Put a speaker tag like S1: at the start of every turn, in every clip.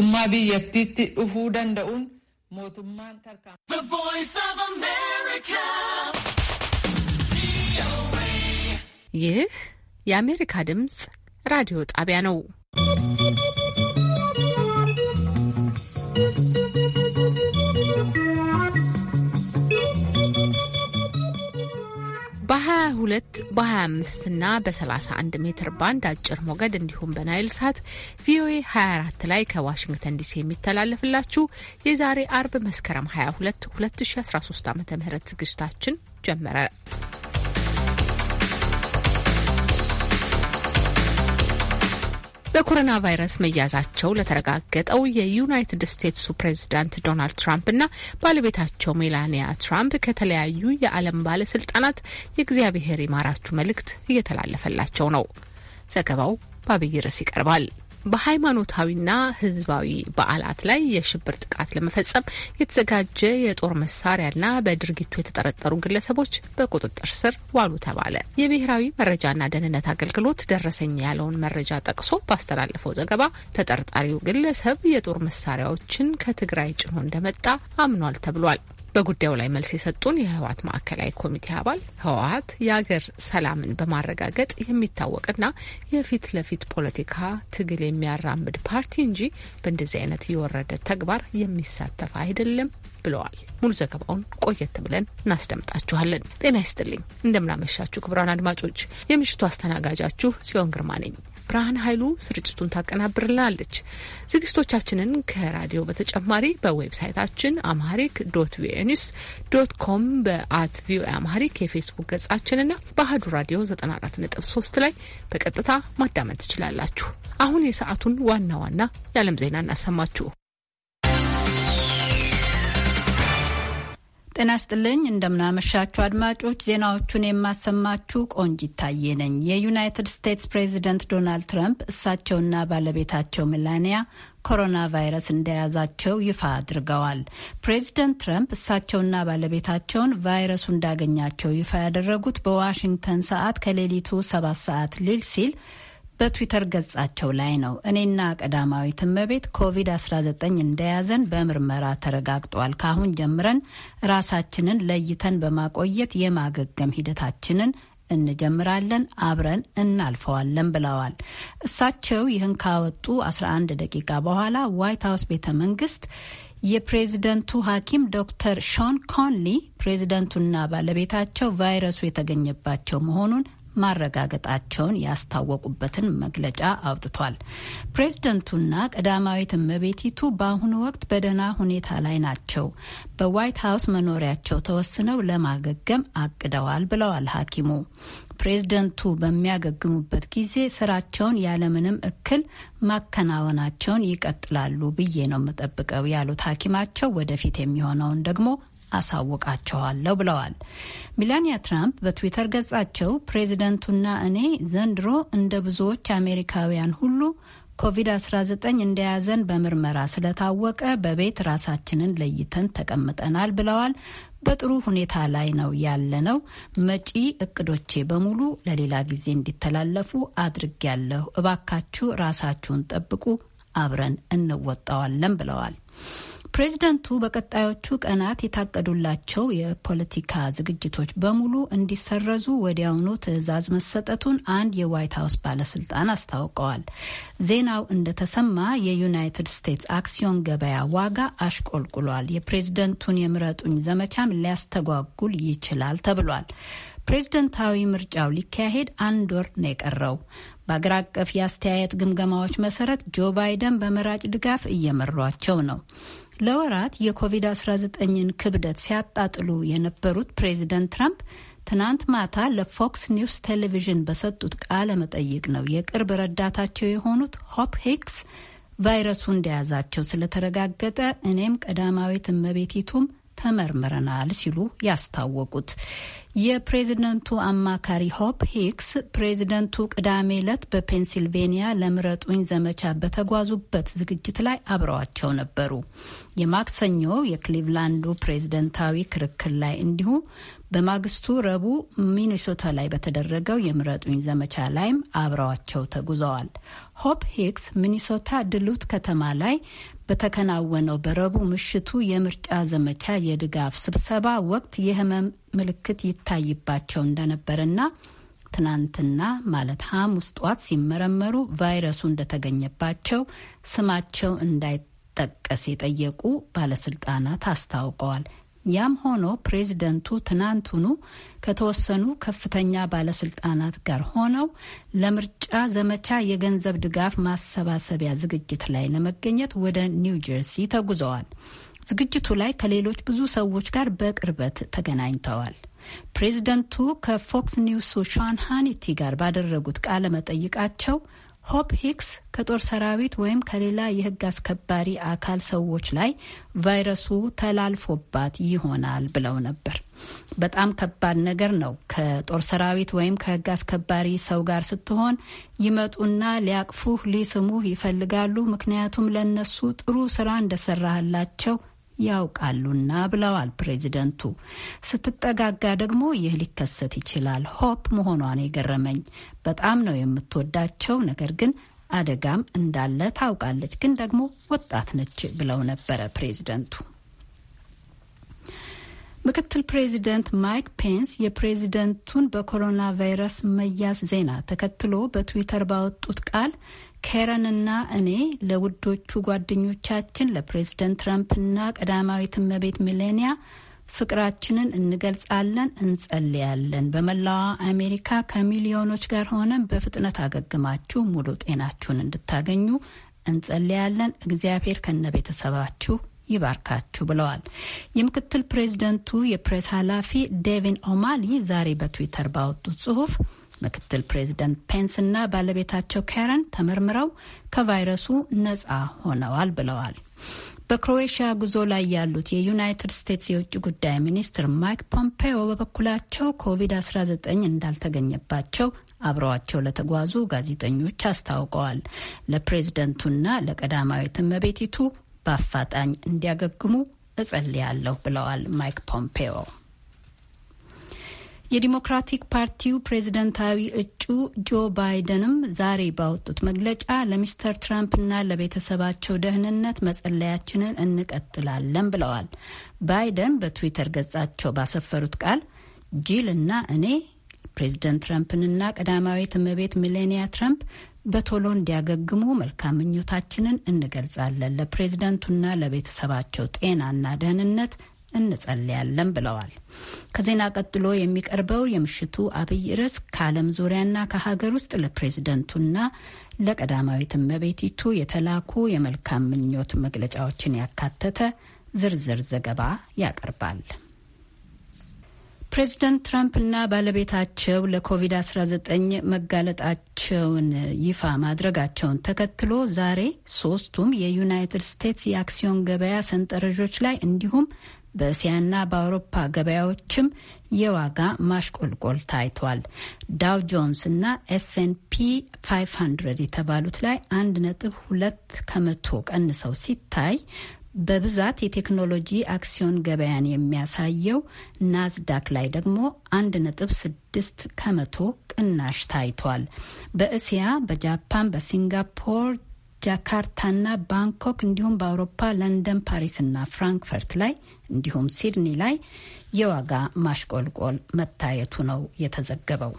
S1: tokkummaa biyyattiitti dhufuu danda'uun
S2: mootummaan tarkaanfama.
S1: ይህ
S3: የአሜሪካ ድምፅ ራዲዮ ጣቢያ ነው። በ22 በ25 እና በ31 ሜትር ባንድ አጭር ሞገድ እንዲሁም በናይል ሳት ቪኦኤ 24 ላይ ከዋሽንግተን ዲሲ የሚተላለፍላችሁ የዛሬ አርብ መስከረም 22 2013 ዓ ም ዝግጅታችን ጀመረ። በኮሮና ቫይረስ መያዛቸው ለተረጋገጠው የዩናይትድ ስቴትሱ ፕሬዚዳንት ዶናልድ ትራምፕ እና ባለቤታቸው ሜላኒያ ትራምፕ ከተለያዩ የዓለም ባለስልጣናት የእግዚአብሔር ይማራችሁ መልእክት እየተላለፈላቸው ነው። ዘገባው በአብይ ርዕስ ይቀርባል። በሃይማኖታዊና ህዝባዊ በዓላት ላይ የሽብር ጥቃት ለመፈጸም የተዘጋጀ የጦር መሳሪያና በድርጊቱ የተጠረጠሩ ግለሰቦች በቁጥጥር ስር ዋሉ ተባለ። የብሔራዊ መረጃና ደህንነት አገልግሎት ደረሰኝ ያለውን መረጃ ጠቅሶ ባስተላለፈው ዘገባ ተጠርጣሪው ግለሰብ የጦር መሳሪያዎችን ከትግራይ ጭኖ እንደመጣ አምኗል ተብሏል። በጉዳዩ ላይ መልስ የሰጡን የህወሀት ማዕከላዊ ኮሚቴ አባል ህወሀት የአገር ሰላምን በማረጋገጥ የሚታወቅና የፊት ለፊት ፖለቲካ ትግል የሚያራምድ ፓርቲ እንጂ በእንደዚህ አይነት የወረደ ተግባር የሚሳተፍ አይደለም ብለዋል። ሙሉ ዘገባውን ቆየት ብለን እናስደምጣችኋለን። ጤና ይስጥልኝ፣ እንደምናመሻችሁ ክቡራን አድማጮች፣ የምሽቱ አስተናጋጃችሁ ጽዮን ግርማ ነኝ። ብርሃን ኃይሉ ስርጭቱን ታቀናብርልናለች። ዝግጅቶቻችንን ከራዲዮ በተጨማሪ በዌብሳይታችን አማሪክ ዶት ቪኦኤ ኒውስ ዶት ኮም በአት ቪኦኤ አማሪክ የፌስቡክ ገጻችንና በአህዱ ራዲዮ 94.3 ላይ በቀጥታ ማዳመጥ ትችላላችሁ። አሁን የሰዓቱን ዋና ዋና የዓለም ዜና
S4: እናሰማችሁ። ጤና ስጥልኝ እንደምናመሻችሁ አድማጮች፣ ዜናዎቹን የማሰማችሁ ቆንጅ ይታየ ነኝ። የዩናይትድ ስቴትስ ፕሬዚደንት ዶናልድ ትራምፕ እሳቸውና ባለቤታቸው ሜላኒያ ኮሮና ቫይረስ እንደያዛቸው ይፋ አድርገዋል። ፕሬዚደንት ትራምፕ እሳቸውና ባለቤታቸውን ቫይረሱ እንዳገኛቸው ይፋ ያደረጉት በዋሽንግተን ሰዓት ከሌሊቱ ሰባት ሰዓት ሊል ሲል በትዊተር ገጻቸው ላይ ነው። እኔና ቀዳማዊት እመቤት ኮቪድ-19 እንደያዘን በምርመራ ተረጋግጧል። ካሁን ጀምረን ራሳችንን ለይተን በማቆየት የማገገም ሂደታችንን እንጀምራለን አብረን እናልፈዋለን ብለዋል። እሳቸው ይህን ካወጡ 11 ደቂቃ በኋላ ዋይት ሀውስ ቤተ መንግስት የፕሬዝደንቱ ሐኪም ዶክተር ሾን ኮንሊ ፕሬዝደንቱና ባለቤታቸው ቫይረሱ የተገኘባቸው መሆኑን ማረጋገጣቸውን ያስታወቁበትን መግለጫ አውጥቷል። ፕሬዝደንቱና ቀዳማዊት እመቤቲቱ በአሁኑ ወቅት በደህና ሁኔታ ላይ ናቸው። በዋይት ሀውስ መኖሪያቸው ተወስነው ለማገገም አቅደዋል ብለዋል ሐኪሙ። ፕሬዝደንቱ በሚያገግሙበት ጊዜ ስራቸውን ያለምንም እክል ማከናወናቸውን ይቀጥላሉ ብዬ ነው የምጠብቀው ያሉት ሐኪማቸው ወደፊት የሚሆነውን ደግሞ አሳውቃቸዋለሁ ብለዋል። ሚላኒያ ትራምፕ በትዊተር ገጻቸው ፕሬዚደንቱና እኔ ዘንድሮ እንደ ብዙዎች አሜሪካውያን ሁሉ ኮቪድ-19 እንደያዘን በምርመራ ስለታወቀ በቤት ራሳችንን ለይተን ተቀምጠናል ብለዋል። በጥሩ ሁኔታ ላይ ነው ያለነው። መጪ እቅዶቼ በሙሉ ለሌላ ጊዜ እንዲተላለፉ አድርጌያለሁ። እባካችሁ ራሳችሁን ጠብቁ፣ አብረን እንወጣዋለን ብለዋል። ፕሬዚደንቱ በቀጣዮቹ ቀናት የታቀዱላቸው የፖለቲካ ዝግጅቶች በሙሉ እንዲሰረዙ ወዲያውኑ ትዕዛዝ መሰጠቱን አንድ የዋይት ሀውስ ባለስልጣን አስታውቀዋል። ዜናው እንደተሰማ የዩናይትድ ስቴትስ አክሲዮን ገበያ ዋጋ አሽቆልቁሏል። የፕሬዝደንቱን የምረጡኝ ዘመቻም ሊያስተጓጉል ይችላል ተብሏል። ፕሬዝደንታዊ ምርጫው ሊካሄድ አንድ ወር ነው የቀረው። በአገር አቀፍ የአስተያየት ግምገማዎች መሰረት ጆ ባይደን በመራጭ ድጋፍ እየመሯቸው ነው። ለወራት የኮቪድ-19ን ክብደት ሲያጣጥሉ የነበሩት ፕሬዚደንት ትራምፕ ትናንት ማታ ለፎክስ ኒውስ ቴሌቪዥን በሰጡት ቃለ መጠይቅ ነው የቅርብ ረዳታቸው የሆኑት ሆፕ ሂክስ ቫይረሱ እንደያዛቸው ስለተረጋገጠ እኔም ቀዳማዊት እመቤቲቱም ተመርምረናል ሲሉ ያስታወቁት። የፕሬዝደንቱ አማካሪ ሆፕ ሂክስ ፕሬዝደንቱ ቅዳሜ ዕለት በፔንሲልቬኒያ ለምረጡኝ ዘመቻ በተጓዙበት ዝግጅት ላይ አብረዋቸው ነበሩ። የማክሰኞ የክሊቭላንዱ ፕሬዝደንታዊ ክርክር ላይ እንዲሁ በማግስቱ ረቡዕ ሚኒሶታ ላይ በተደረገው የምረጡኝ ዘመቻ ላይም አብረዋቸው ተጉዘዋል። ሆፕ ሂክስ ሚኒሶታ ድሉት ከተማ ላይ በተከናወነው በረቡዕ ምሽቱ የምርጫ ዘመቻ የድጋፍ ስብሰባ ወቅት የህመም ምልክት ይታይባቸው እንደነበረና ትናንትና ማለት ሐሙስ ጧት ሲመረመሩ ቫይረሱ እንደተገኘባቸው ስማቸው እንዳይጠቀስ የጠየቁ ባለስልጣናት አስታውቀዋል። ያም ሆኖ ፕሬዚደንቱ ትናንቱኑ ከተወሰኑ ከፍተኛ ባለስልጣናት ጋር ሆነው ለምርጫ ዘመቻ የገንዘብ ድጋፍ ማሰባሰቢያ ዝግጅት ላይ ለመገኘት ወደ ኒው ጀርሲ ተጉዘዋል። ዝግጅቱ ላይ ከሌሎች ብዙ ሰዎች ጋር በቅርበት ተገናኝተዋል። ፕሬዚደንቱ ከፎክስ ኒውሱ ሻን ሃኒቲ ጋር ባደረጉት ቃለ መጠይቃቸው ሆፕ ሂክስ ከጦር ሰራዊት ወይም ከሌላ የሕግ አስከባሪ አካል ሰዎች ላይ ቫይረሱ ተላልፎባት ይሆናል ብለው ነበር። በጣም ከባድ ነገር ነው። ከጦር ሰራዊት ወይም ከሕግ አስከባሪ ሰው ጋር ስትሆን ይመጡና ሊያቅፉህ፣ ሊስሙህ ይፈልጋሉ። ምክንያቱም ለነሱ ጥሩ ስራ እንደሰራህላቸው ያውቃሉና ብለዋል ፕሬዚደንቱ። ስትጠጋጋ ደግሞ ይህ ሊከሰት ይችላል። ሆፕ መሆኗን የገረመኝ በጣም ነው የምትወዳቸው፣ ነገር ግን አደጋም እንዳለ ታውቃለች፣ ግን ደግሞ ወጣት ነች ብለው ነበረ ፕሬዚደንቱ። ምክትል ፕሬዚደንት ማይክ ፔንስ የፕሬዚደንቱን በኮሮና ቫይረስ መያዝ ዜና ተከትሎ በትዊተር ባወጡት ቃል ኬረንና እኔ ለውዶቹ ጓደኞቻችን ለፕሬዝደንት ትራምፕና ቀዳማዊት እመቤት ሚሌኒያ ፍቅራችንን እንገልጻለን፣ እንጸልያለን። በመላዋ አሜሪካ ከሚሊዮኖች ጋር ሆነን በፍጥነት አገግማችሁ ሙሉ ጤናችሁን እንድታገኙ እንጸልያለን። እግዚአብሔር ከነ ቤተሰባችሁ ይባርካችሁ ብለዋል። የምክትል ፕሬዝደንቱ የፕሬስ ኃላፊ ዴቪን ኦማሊ ዛሬ በትዊተር ባወጡት ጽሁፍ ምክትል ፕሬዚደንት እና ባለቤታቸው ካረን ተመርምረው ከቫይረሱ ነጻ ሆነዋል ብለዋል። በክሮኤሽያ ጉዞ ላይ ያሉት የዩናይትድ ስቴትስ የውጭ ጉዳይ ሚኒስትር ማይክ ፖምፔዮ በበኩላቸው ኮቪድ-19 እንዳልተገኘባቸው አብረዋቸው ለተጓዙ ጋዜጠኞች አስታውቀዋል። ለፕሬዝደንቱና ለቀዳማዊት እመቤቲቱ በአፋጣኝ እንዲያገግሙ እጸልያለሁ ብለዋል ማይክ ፖምፔዮ። የዲሞክራቲክ ፓርቲው ፕሬዝደንታዊ እጩ ጆ ባይደንም ዛሬ ባወጡት መግለጫ ለሚስተር ትራምፕና ለቤተሰባቸው ደህንነት መጸለያችንን እንቀጥላለን ብለዋል። ባይደን በትዊተር ገጻቸው ባሰፈሩት ቃል ጂል እና እኔ ፕሬዝደንት ትራምፕንና ቀዳማዊት እመቤት ሚሌኒያ ትራምፕ በቶሎ እንዲያገግሙ መልካም ምኞታችንን እንገልጻለን። ለፕሬዝደንቱና ለቤተሰባቸው ጤናና ደህንነት እንጸልያለን ብለዋል። ከዜና ቀጥሎ የሚቀርበው የምሽቱ አብይ ርዕስ ከዓለም ዙሪያና ከሀገር ውስጥ ለፕሬዝደንቱና ለቀዳማዊት እመቤቲቱ የተላኩ የመልካም ምኞት መግለጫዎችን ያካተተ ዝርዝር ዘገባ ያቀርባል። ፕሬዚደንት ትራምፕና ባለቤታቸው ለኮቪድ-19 መጋለጣቸውን ይፋ ማድረጋቸውን ተከትሎ ዛሬ ሶስቱም የዩናይትድ ስቴትስ የአክሲዮን ገበያ ሰንጠረዦች ላይ እንዲሁም በእስያና በአውሮፓ ገበያዎችም የዋጋ ማሽቆልቆል ታይቷል። ዳው ጆንስ እና ኤስኤንፒ 500 የተባሉት ላይ 1.2 ከመቶ ቀንሰው ሲታይ በብዛት የቴክኖሎጂ አክሲዮን ገበያን የሚያሳየው ናዝዳክ ላይ ደግሞ 1.6 ከመቶ ቅናሽ ታይቷል። በእስያ፣ በጃፓን፣ በሲንጋፖር፣ ጃካርታና ባንኮክ እንዲሁም በአውሮፓ ለንደን፣ ፓሪስና ፍራንክፈርት ላይ እንዲሁም ሲድኒ ላይ የዋጋ ማሽቆልቆል መታየቱ ነው የተዘገበው።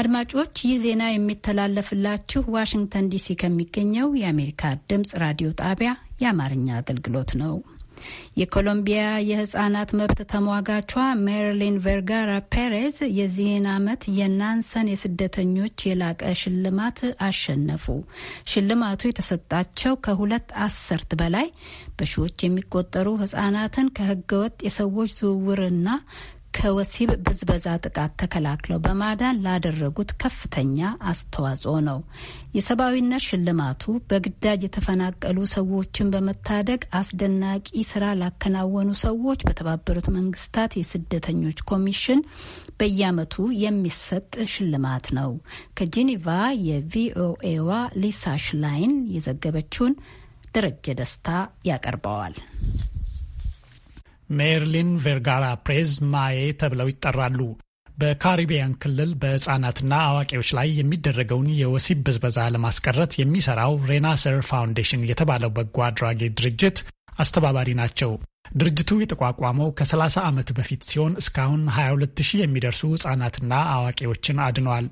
S4: አድማጮች ይህ ዜና የሚተላለፍላችሁ ዋሽንግተን ዲሲ ከሚገኘው የአሜሪካ ድምጽ ራዲዮ ጣቢያ የአማርኛ አገልግሎት ነው። የኮሎምቢያ የህጻናት መብት ተሟጋቿ ሜሪሊን ቬርጋራ ፔሬዝ የዚህን ዓመት የናንሰን የስደተኞች የላቀ ሽልማት አሸነፉ። ሽልማቱ የተሰጣቸው ከሁለት አስርት በላይ በሺዎች የሚቆጠሩ ህጻናትን ከህገወጥ የሰዎች ዝውውርና ከወሲብ ብዝበዛ ጥቃት ተከላክለው በማዳን ላደረጉት ከፍተኛ አስተዋጽኦ ነው። የሰብአዊነት ሽልማቱ በግዳጅ የተፈናቀሉ ሰዎችን በመታደግ አስደናቂ ስራ ላከናወኑ ሰዎች በተባበሩት መንግስታት የስደተኞች ኮሚሽን በየዓመቱ የሚሰጥ ሽልማት ነው። ከጄኔቫ የቪኦኤዋ ሊሳ ሽላይን የዘገበችውን ደረጀ ደስታ ያቀርበዋል።
S5: ሜርሊን ቬርጋራ ፕሬዝ ማዬ ተብለው ይጠራሉ። በካሪቢያን ክልል በህፃናትና አዋቂዎች ላይ የሚደረገውን የወሲብ ብዝበዛ ለማስቀረት የሚሰራው ሬናሰር ፋውንዴሽን የተባለው በጎ አድራጊ ድርጅት አስተባባሪ ናቸው። ድርጅቱ የተቋቋመው ከ30 ዓመት በፊት ሲሆን እስካሁን 220 የሚደርሱ ህጻናትና አዋቂዎችን አድነዋል።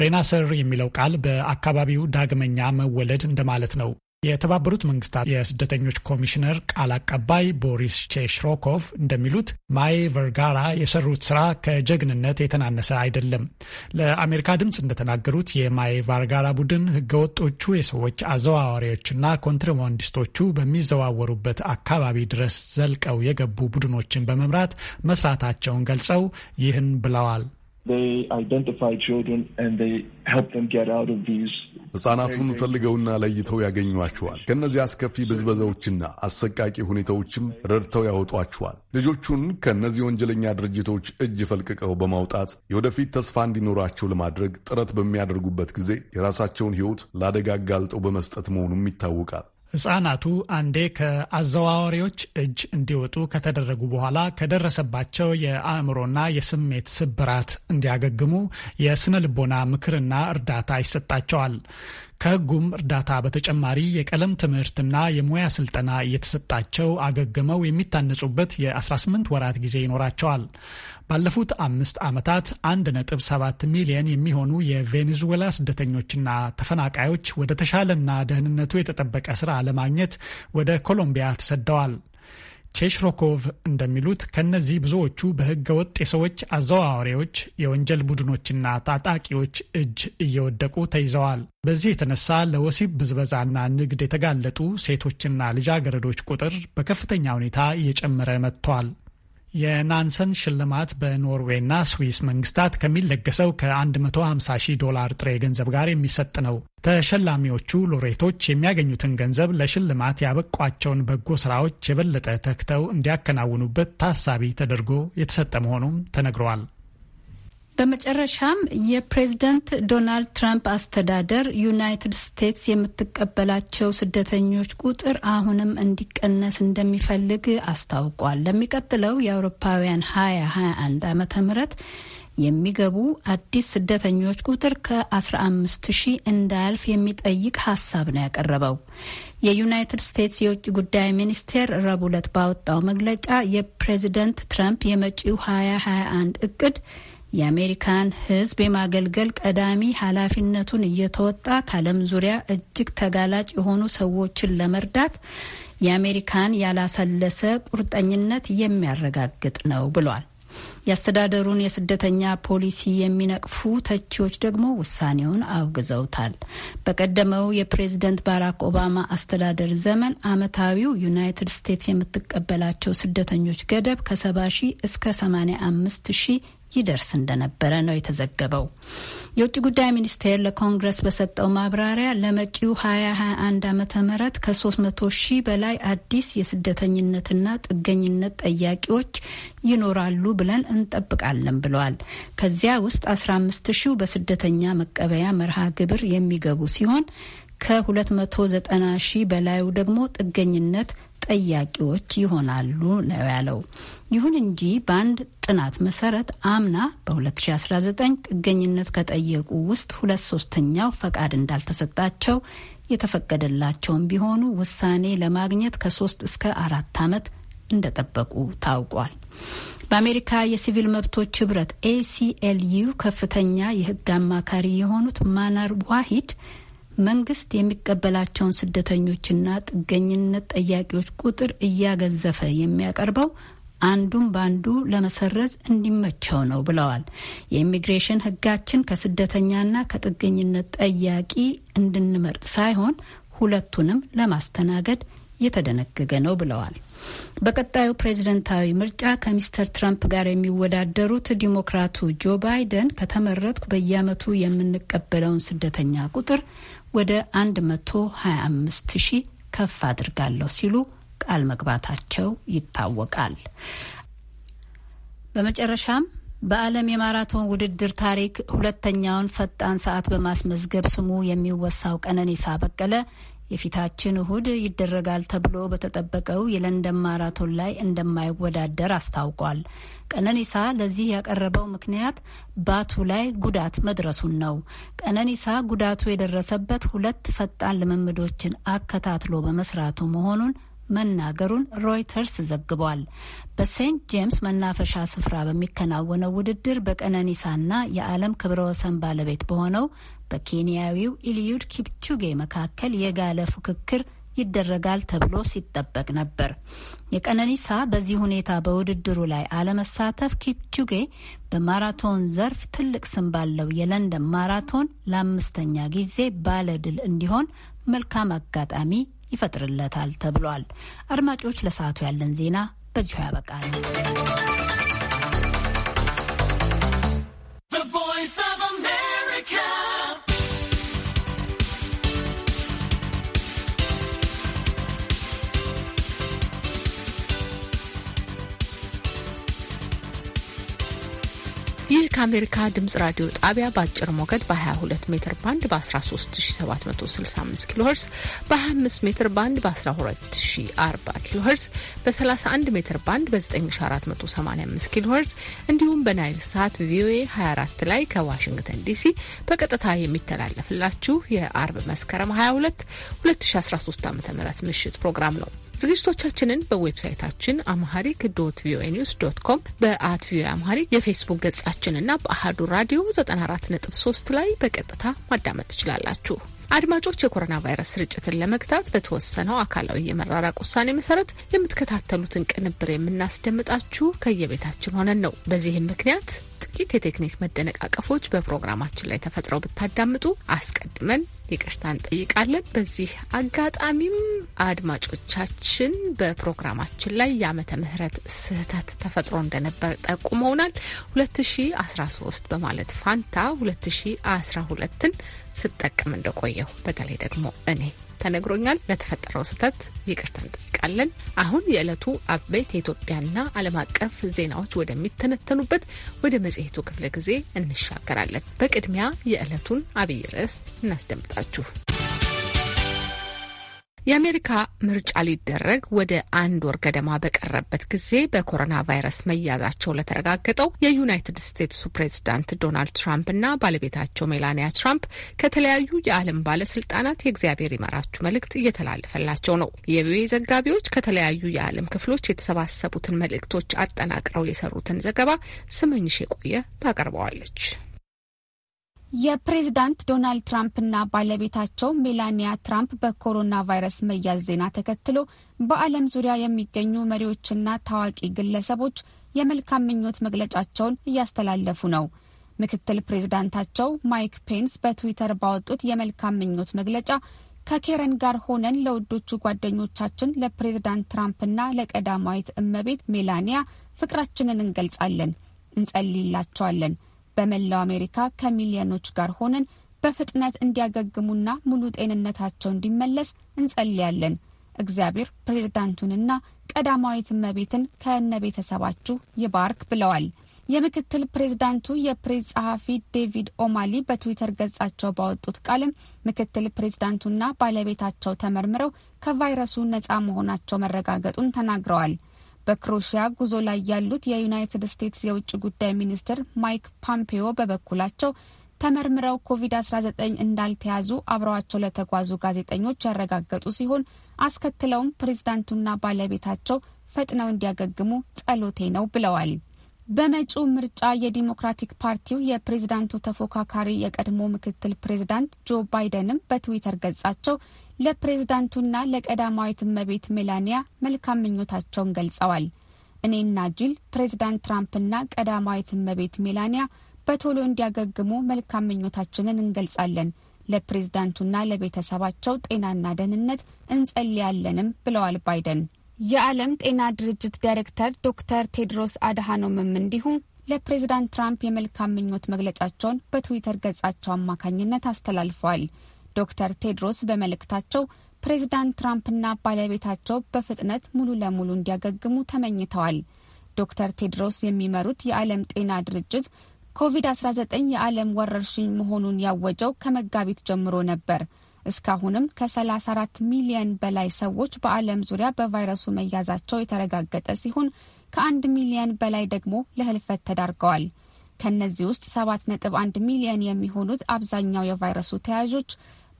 S5: ሬናሰር የሚለው ቃል በአካባቢው ዳግመኛ መወለድ እንደማለት ነው። የተባበሩት መንግስታት የስደተኞች ኮሚሽነር ቃል አቀባይ ቦሪስ ቼሽሮኮቭ እንደሚሉት ማይ ቨርጋራ የሰሩት ስራ ከጀግንነት የተናነሰ አይደለም። ለአሜሪካ ድምፅ እንደተናገሩት የማይ ቫርጋራ ቡድን ህገወጦቹ የሰዎች አዘዋዋሪዎችና ኮንትሮባንዲስቶቹ በሚዘዋወሩበት አካባቢ ድረስ ዘልቀው የገቡ ቡድኖችን በመምራት መስራታቸውን ገልጸው ይህን ብለዋል። They identify children and they help them get out of these ሕፃናቱን
S6: ፈልገውና ለይተው ያገኟቸዋል። ከእነዚህ አስከፊ ብዝበዛዎችና አሰቃቂ ሁኔታዎችም ረድተው ያወጧቸዋል። ልጆቹን ከእነዚህ ወንጀለኛ ድርጅቶች እጅ ፈልቅቀው በማውጣት የወደፊት ተስፋ እንዲኖራቸው ለማድረግ ጥረት በሚያደርጉበት ጊዜ የራሳቸውን ሕይወት ለአደጋ አጋልጠው በመስጠት መሆኑም ይታወቃል።
S5: ሕፃናቱ አንዴ ከአዘዋዋሪዎች እጅ እንዲወጡ ከተደረጉ በኋላ ከደረሰባቸው የአእምሮና የስሜት ስብራት እንዲያገግሙ የስነ ልቦና ምክርና እርዳታ ይሰጣቸዋል። ከህጉም እርዳታ በተጨማሪ የቀለም ትምህርትና የሙያ ስልጠና እየተሰጣቸው አገግመው የሚታነጹበት የ18 ወራት ጊዜ ይኖራቸዋል። ባለፉት አምስት ዓመታት 1.7 ሚሊየን የሚሆኑ የቬኔዙዌላ ስደተኞችና ተፈናቃዮች ወደ ተሻለና ደህንነቱ የተጠበቀ ስራ ለማግኘት ወደ ኮሎምቢያ ተሰደዋል። ቼሽሮኮቭ እንደሚሉት ከነዚህ ብዙዎቹ በህገ ወጥ የሰዎች አዘዋዋሪዎች፣ የወንጀል ቡድኖችና ታጣቂዎች እጅ እየወደቁ ተይዘዋል። በዚህ የተነሳ ለወሲብ ብዝበዛና ንግድ የተጋለጡ ሴቶችና ልጃገረዶች ቁጥር በከፍተኛ ሁኔታ እየጨመረ መጥቷል። የናንሰን ሽልማት በኖርዌይና ስዊስ መንግስታት ከሚለገሰው ከ150 ሺህ ዶላር ጥሬ ገንዘብ ጋር የሚሰጥ ነው። ተሸላሚዎቹ ሎሬቶች የሚያገኙትን ገንዘብ ለሽልማት ያበቋቸውን በጎ ስራዎች የበለጠ ተክተው እንዲያከናውኑበት ታሳቢ ተደርጎ የተሰጠ መሆኑም ተነግረዋል።
S4: በመጨረሻም የፕሬዝደንት ዶናልድ ትራምፕ አስተዳደር ዩናይትድ ስቴትስ የምትቀበላቸው ስደተኞች ቁጥር አሁንም እንዲቀነስ እንደሚፈልግ አስታውቋል። ለሚቀጥለው የአውሮፓውያን 2021 ዓመተ ምህረት የሚገቡ አዲስ ስደተኞች ቁጥር ከ15 ሺህ እንዳያልፍ የሚጠይቅ ሀሳብ ነው ያቀረበው። የዩናይትድ ስቴትስ የውጭ ጉዳይ ሚኒስቴር ረቡዕ ዕለት ባወጣው መግለጫ የፕሬዝደንት ትራምፕ የመጪው 2021 እቅድ የአሜሪካን ሕዝብ የማገልገል ቀዳሚ ኃላፊነቱን እየተወጣ ከዓለም ዙሪያ እጅግ ተጋላጭ የሆኑ ሰዎችን ለመርዳት የአሜሪካን ያላሰለሰ ቁርጠኝነት የሚያረጋግጥ ነው ብሏል። የአስተዳደሩን የስደተኛ ፖሊሲ የሚነቅፉ ተቺዎች ደግሞ ውሳኔውን አውግዘውታል። በቀደመው የፕሬዝደንት ባራክ ኦባማ አስተዳደር ዘመን ዓመታዊው ዩናይትድ ስቴትስ የምትቀበላቸው ስደተኞች ገደብ ከ70 ሺህ እስከ 85 ሺህ ይደርስ እንደነበረ ነው የተዘገበው። የውጭ ጉዳይ ሚኒስቴር ለኮንግረስ በሰጠው ማብራሪያ ለመጪው 2021 ዓ ም ከ300 ሺህ በላይ አዲስ የስደተኝነትና ጥገኝነት ጠያቂዎች ይኖራሉ ብለን እንጠብቃለን ብለዋል። ከዚያ ውስጥ 15 ሺው በስደተኛ መቀበያ መርሃ ግብር የሚገቡ ሲሆን ከ290 ሺህ በላዩ ደግሞ ጥገኝነት ጠያቂዎች ይሆናሉ ነው ያለው። ይሁን እንጂ በአንድ ጥናት መሰረት አምና በ2019 ጥገኝነት ከጠየቁ ውስጥ ሁለት ሶስተኛው ፈቃድ እንዳልተሰጣቸው፣ የተፈቀደላቸውም ቢሆኑ ውሳኔ ለማግኘት ከሶስት እስከ አራት ዓመት እንደጠበቁ ታውቋል። በአሜሪካ የሲቪል መብቶች ህብረት ኤሲኤልዩ ከፍተኛ የህግ አማካሪ የሆኑት ማናር ዋሂድ መንግስት የሚቀበላቸውን ስደተኞችና ጥገኝነት ጠያቂዎች ቁጥር እያገዘፈ የሚያቀርበው አንዱን በአንዱ ለመሰረዝ እንዲመቸው ነው ብለዋል። የኢሚግሬሽን ህጋችን ከስደተኛና ከጥገኝነት ጠያቂ እንድንመርጥ ሳይሆን ሁለቱንም ለማስተናገድ የተደነገገ ነው ብለዋል። በቀጣዩ ፕሬዝደንታዊ ምርጫ ከሚስተር ትራምፕ ጋር የሚወዳደሩት ዲሞክራቱ ጆ ባይደን ከተመረጥኩ በየአመቱ የምንቀበለውን ስደተኛ ቁጥር ወደ 125 ሺህ ከፍ አድርጋለሁ ሲሉ ቃል መግባታቸው ይታወቃል። በመጨረሻም በዓለም የማራቶን ውድድር ታሪክ ሁለተኛውን ፈጣን ሰዓት በማስመዝገብ ስሙ የሚወሳው ቀነኒሳ በቀለ የፊታችን እሁድ ይደረጋል ተብሎ በተጠበቀው የለንደን ማራቶን ላይ እንደማይወዳደር አስታውቋል። ቀነኒሳ ለዚህ ያቀረበው ምክንያት ባቱ ላይ ጉዳት መድረሱን ነው። ቀነኒሳ ጉዳቱ የደረሰበት ሁለት ፈጣን ልምምዶችን አከታትሎ በመስራቱ መሆኑን መናገሩን ሮይተርስ ዘግቧል። በሴንት ጄምስ መናፈሻ ስፍራ በሚከናወነው ውድድር በቀነኒሳና የዓለም ክብረ ወሰን ባለቤት በሆነው በኬንያዊው ኢልዩድ ኪፕቹጌ መካከል የጋለ ፉክክር ይደረጋል ተብሎ ሲጠበቅ ነበር። የቀነኒሳ በዚህ ሁኔታ በውድድሩ ላይ አለመሳተፍ ኪፕቹጌ በማራቶን ዘርፍ ትልቅ ስም ባለው የለንደን ማራቶን ለአምስተኛ ጊዜ ባለድል እንዲሆን መልካም አጋጣሚ ይፈጥርለታል ተብሏል። አድማጮች፣ ለሰዓቱ ያለን ዜና በዚሁ ያበቃል።
S3: ይህ ከአሜሪካ ድምጽ ራዲዮ ጣቢያ በአጭር ሞገድ በ22 ሜትር ባንድ በ13765 ኪሎ ሄርስ በ25 ሜትር ባንድ በ1240 ኪሎ ሄርስ በ31 ሜትር ባንድ በ9485 ኪሎ ሄርስ እንዲሁም በናይል ሳት ቪኦኤ 24 ላይ ከዋሽንግተን ዲሲ በቀጥታ የሚተላለፍላችሁ የአርብ መስከረም 22 2013 ዓ ም ምሽት ፕሮግራም ነው። ዝግጅቶቻችንን በዌብሳይታችን አምሃሪክ ዶት ቪኦኤ ኒውስ ዶት ኮም በአት ቪኦኤ አምሃሪክ የፌስቡክ ገጻችንና በአህዱ ራዲዮ 94.3 ላይ በቀጥታ ማዳመጥ ትችላላችሁ። አድማጮች የኮሮና ቫይረስ ስርጭትን ለመግታት በተወሰነው አካላዊ የመራራቅ ውሳኔ መሰረት የምትከታተሉትን ቅንብር የምናስደምጣችሁ ከየቤታችን ሆነን ነው። በዚህም ምክንያት ጥቂት የቴክኒክ መደነቃቀፎች በፕሮግራማችን ላይ ተፈጥረው ብታዳምጡ አስቀድመን ይቅርታ እንጠይቃለን። በዚህ አጋጣሚም አድማጮቻችን በፕሮግራማችን ላይ የአመተ ምህረት ስህተት ተፈጥሮ እንደነበር ጠቁመውናል። 2013 በማለት ፋንታ 2012ን ስጠቀም እንደቆየሁ በተለይ ደግሞ እኔ ተነግሮኛል። ለተፈጠረው ስህተት ይቅርታ እንጠይቃለን። አሁን የዕለቱ አበይት የኢትዮጵያና ዓለም አቀፍ ዜናዎች ወደሚተነተኑበት ወደ መጽሔቱ ክፍለ ጊዜ እንሻገራለን። በቅድሚያ የዕለቱን አብይ ርዕስ እናስደምጣችሁ። የአሜሪካ ምርጫ ሊደረግ ወደ አንድ ወር ገደማ በቀረበት ጊዜ በኮሮና ቫይረስ መያዛቸው ለተረጋገጠው የዩናይትድ ስቴትሱ ፕሬዝዳንት ዶናልድ ትራምፕ እና ባለቤታቸው ሜላኒያ ትራምፕ ከተለያዩ የዓለም ባለስልጣናት የእግዚአብሔር ይመራችሁ መልእክት እየተላለፈላቸው ነው። የቪኦኤ ዘጋቢዎች ከተለያዩ የዓለም ክፍሎች የተሰባሰቡትን መልእክቶች አጠናቅረው የሰሩትን ዘገባ ስመኝሽ የቆየ ታቀርበዋለች።
S7: የፕሬዝዳንት ዶናልድ ትራምፕና ባለቤታቸው ሜላኒያ ትራምፕ በኮሮና ቫይረስ መያዝ ዜና ተከትሎ በዓለም ዙሪያ የሚገኙ መሪዎችና ታዋቂ ግለሰቦች የመልካም ምኞት መግለጫቸውን እያስተላለፉ ነው። ምክትል ፕሬዝዳንታቸው ማይክ ፔንስ በትዊተር ባወጡት የመልካም ምኞት መግለጫ ከኬረን ጋር ሆነን ለውዶቹ ጓደኞቻችን ለፕሬዝዳንት ትራምፕና ለቀዳማዊት እመቤት ሜላኒያ ፍቅራችንን እንገልጻለን፣ እንጸልይላቸዋለን በመላው አሜሪካ ከሚሊዮኖች ጋር ሆነን በፍጥነት እንዲያገግሙና ሙሉ ጤንነታቸው እንዲመለስ እንጸልያለን። እግዚአብሔር ፕሬዝዳንቱንና ቀዳማዊት እመቤትን ከነ ቤተሰባችሁ ይባርክ ብለዋል። የምክትል ፕሬዝዳንቱ የፕሬስ ጸሐፊ ዴቪድ ኦማሊ በትዊተር ገጻቸው ባወጡት ቃልም ምክትል ፕሬዝዳንቱና ባለቤታቸው ተመርምረው ከቫይረሱ ነጻ መሆናቸው መረጋገጡን ተናግረዋል። በክሮሺያ ጉዞ ላይ ያሉት የዩናይትድ ስቴትስ የውጭ ጉዳይ ሚኒስትር ማይክ ፖምፔዮ በበኩላቸው ተመርምረው ኮቪድ-19 እንዳልተያዙ አብረዋቸው ለተጓዙ ጋዜጠኞች ያረጋገጡ ሲሆን አስከትለውም ፕሬዝዳንቱና ባለቤታቸው ፈጥነው እንዲያገግሙ ጸሎቴ ነው ብለዋል። በመጪው ምርጫ የዲሞክራቲክ ፓርቲው የፕሬዝዳንቱ ተፎካካሪ የቀድሞ ምክትል ፕሬዝዳንት ጆ ባይደንም በትዊተር ገጻቸው ለፕሬዝዳንቱና ለቀዳማዊት እመቤት ሜላኒያ መልካም ምኞታቸውን ገልጸዋል። እኔና ጂል ፕሬዝዳንት ትራምፕና ቀዳማዊት እመቤት ሜላኒያ በቶሎ እንዲያገግሙ መልካም ምኞታችንን እንገልጻለን። ለፕሬዝዳንቱና ለቤተሰባቸው ጤናና ደህንነት እንጸልያለንም ብለዋል ባይደን። የዓለም ጤና ድርጅት ዳይሬክተር ዶክተር ቴድሮስ አድሃኖምም እንዲሁ ለፕሬዝዳንት ትራምፕ የመልካም ምኞት መግለጫቸውን በትዊተር ገጻቸው አማካኝነት አስተላልፈዋል። ዶክተር ቴድሮስ በመልእክታቸው ፕሬዚዳንት ትራምፕና ባለቤታቸው በፍጥነት ሙሉ ለሙሉ እንዲያገግሙ ተመኝተዋል። ዶክተር ቴድሮስ የሚመሩት የዓለም ጤና ድርጅት ኮቪድ-19 የዓለም ወረርሽኝ መሆኑን ያወጀው ከመጋቢት ጀምሮ ነበር። እስካሁንም ከ34 ሚሊየን በላይ ሰዎች በዓለም ዙሪያ በቫይረሱ መያዛቸው የተረጋገጠ ሲሆን ከአንድ ሚሊየን በላይ ደግሞ ለህልፈት ተዳርገዋል። ከእነዚህ ውስጥ 7.1 ሚሊየን የሚሆኑት አብዛኛው የቫይረሱ ተያዦች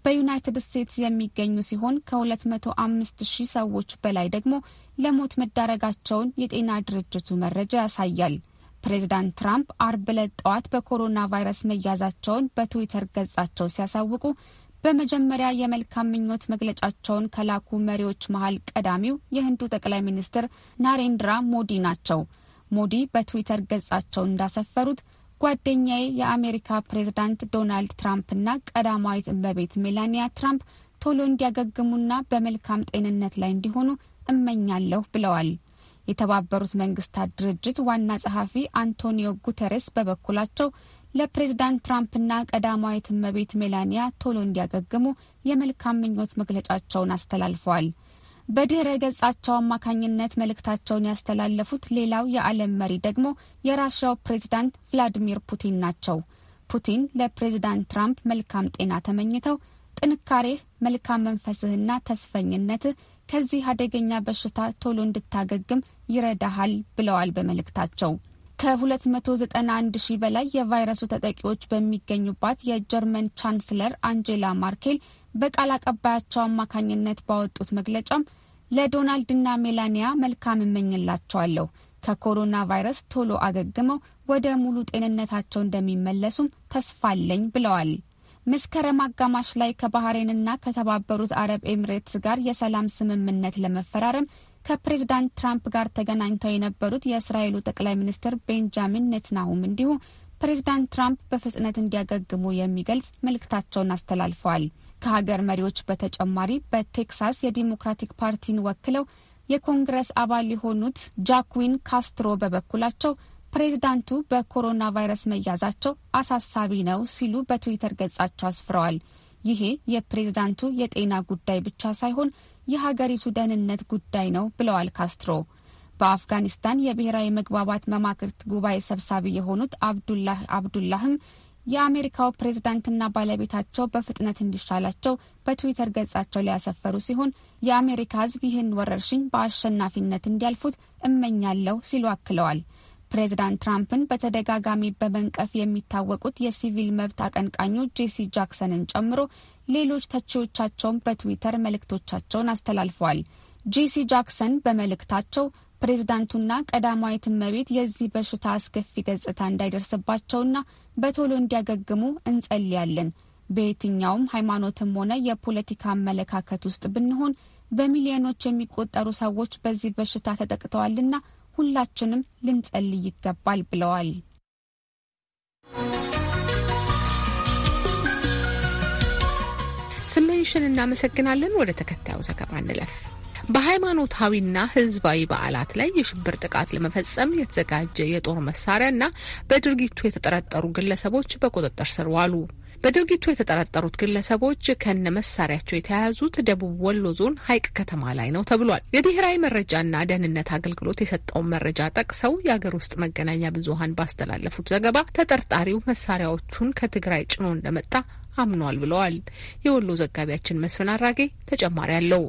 S7: በዩናይትድ ስቴትስ የሚገኙ ሲሆን ከ205 ሺህ ሰዎች በላይ ደግሞ ለሞት መዳረጋቸውን የጤና ድርጅቱ መረጃ ያሳያል። ፕሬዚዳንት ትራምፕ አርብ ዕለት ጠዋት በኮሮና ቫይረስ መያዛቸውን በትዊተር ገጻቸው ሲያሳውቁ በመጀመሪያ የመልካም ምኞት መግለጫቸውን ከላኩ መሪዎች መሀል ቀዳሚው የህንዱ ጠቅላይ ሚኒስትር ናሬንድራ ሞዲ ናቸው። ሞዲ በትዊተር ገጻቸው እንዳሰፈሩት ጓደኛዬ የአሜሪካ ፕሬዝዳንት ዶናልድ ትራምፕና ቀዳማዊት እመቤት ሜላኒያ ትራምፕ ቶሎ እንዲያገግሙና በመልካም ጤንነት ላይ እንዲሆኑ እመኛለሁ ብለዋል። የተባበሩት መንግስታት ድርጅት ዋና ጸሐፊ አንቶኒዮ ጉተሬስ በበኩላቸው ለፕሬዝዳንት ትራምፕና ቀዳማዊት እመቤት ሜላኒያ ቶሎ እንዲያገግሙ የመልካም ምኞት መግለጫቸውን አስተላልፈዋል። በድህረ ገጻቸው አማካኝነት መልእክታቸውን ያስተላለፉት ሌላው የዓለም መሪ ደግሞ የራሽያው ፕሬዚዳንት ቭላዲሚር ፑቲን ናቸው። ፑቲን ለፕሬዚዳንት ትራምፕ መልካም ጤና ተመኝተው ጥንካሬህ፣ መልካም መንፈስህና ተስፈኝነትህ ከዚህ አደገኛ በሽታ ቶሎ እንድታገግም ይረዳሃል ብለዋል በመልእክታቸው። ከ291 ሺህ በላይ የቫይረሱ ተጠቂዎች በሚገኙባት የጀርመን ቻንስለር አንጄላ ማርኬል በቃል አቀባያቸው አማካኝነት ባወጡት መግለጫም ለዶናልድና ሜላኒያ መልካም እመኝላቸዋለሁ። ከኮሮና ቫይረስ ቶሎ አገግመው ወደ ሙሉ ጤንነታቸው እንደሚመለሱም ተስፋ አለኝ ብለዋል። መስከረም አጋማሽ ላይ ከባህሬንና ከተባበሩት አረብ ኤሚሬትስ ጋር የሰላም ስምምነት ለመፈራረም ከፕሬዝዳንት ትራምፕ ጋር ተገናኝተው የነበሩት የእስራኤሉ ጠቅላይ ሚኒስትር ቤንጃሚን ኔትናሁም እንዲሁ ፕሬዝዳንት ትራምፕ በፍጥነት እንዲያገግሙ የሚገልጽ መልእክታቸውን አስተላልፈዋል። ከሀገር መሪዎች በተጨማሪ በቴክሳስ የዲሞክራቲክ ፓርቲን ወክለው የኮንግረስ አባል የሆኑት ጃኩዊን ካስትሮ በበኩላቸው ፕሬዝዳንቱ በኮሮና ቫይረስ መያዛቸው አሳሳቢ ነው ሲሉ በትዊተር ገጻቸው አስፍረዋል። ይሄ የፕሬዝዳንቱ የጤና ጉዳይ ብቻ ሳይሆን የሀገሪቱ ደህንነት ጉዳይ ነው ብለዋል ካስትሮ። በአፍጋኒስታን የብሔራዊ መግባባት መማክርት ጉባኤ ሰብሳቢ የሆኑት አብዱላህ አብዱላህም የአሜሪካው ፕሬዝዳንትና ባለቤታቸው በፍጥነት እንዲሻላቸው በትዊተር ገጻቸው ላይ ያሰፈሩ ሲሆን የአሜሪካ ሕዝብ ይህን ወረርሽኝ በአሸናፊነት እንዲያልፉት እመኛለሁ ሲሉ አክለዋል። ፕሬዝዳንት ትራምፕን በተደጋጋሚ በመንቀፍ የሚታወቁት የሲቪል መብት አቀንቃኙ ጄሲ ጃክሰንን ጨምሮ ሌሎች ተቺዎቻቸውን በትዊተር መልእክቶቻቸውን አስተላልፈዋል። ጄሲ ጃክሰን በመልእክታቸው ፕሬዝዳንቱና ቀዳማዊት እመቤት የዚህ በሽታ አስከፊ ገጽታ እንዳይደርስባቸውና በቶሎ እንዲያገግሙ እንጸልያለን። በየትኛውም ሃይማኖትም ሆነ የፖለቲካ አመለካከት ውስጥ ብንሆን በሚሊዮኖች የሚቆጠሩ ሰዎች በዚህ በሽታ ተጠቅተዋልና ሁላችንም ልንጸልይ ይገባል ብለዋል።
S3: ስሜንሽን እናመሰግናለን። ወደ ተከታዩ ዘገባ እንለፍ። በሃይማኖታዊና ህዝባዊ በዓላት ላይ የሽብር ጥቃት ለመፈጸም የተዘጋጀ የጦር መሳሪያና በድርጊቱ የተጠረጠሩ ግለሰቦች በቁጥጥር ስር ዋሉ። በድርጊቱ የተጠረጠሩት ግለሰቦች ከነ መሳሪያቸው የተያያዙት ደቡብ ወሎ ዞን ሀይቅ ከተማ ላይ ነው ተብሏል። የብሔራዊ መረጃና ደህንነት አገልግሎት የሰጠውን መረጃ ጠቅሰው የአገር ውስጥ መገናኛ ብዙኃን ባስተላለፉት ዘገባ ተጠርጣሪው መሳሪያዎቹን ከትግራይ ጭኖ እንደመጣ አምኗል ብለዋል። የወሎ ዘጋቢያችን መስፍን አራጌ ተጨማሪ አለው።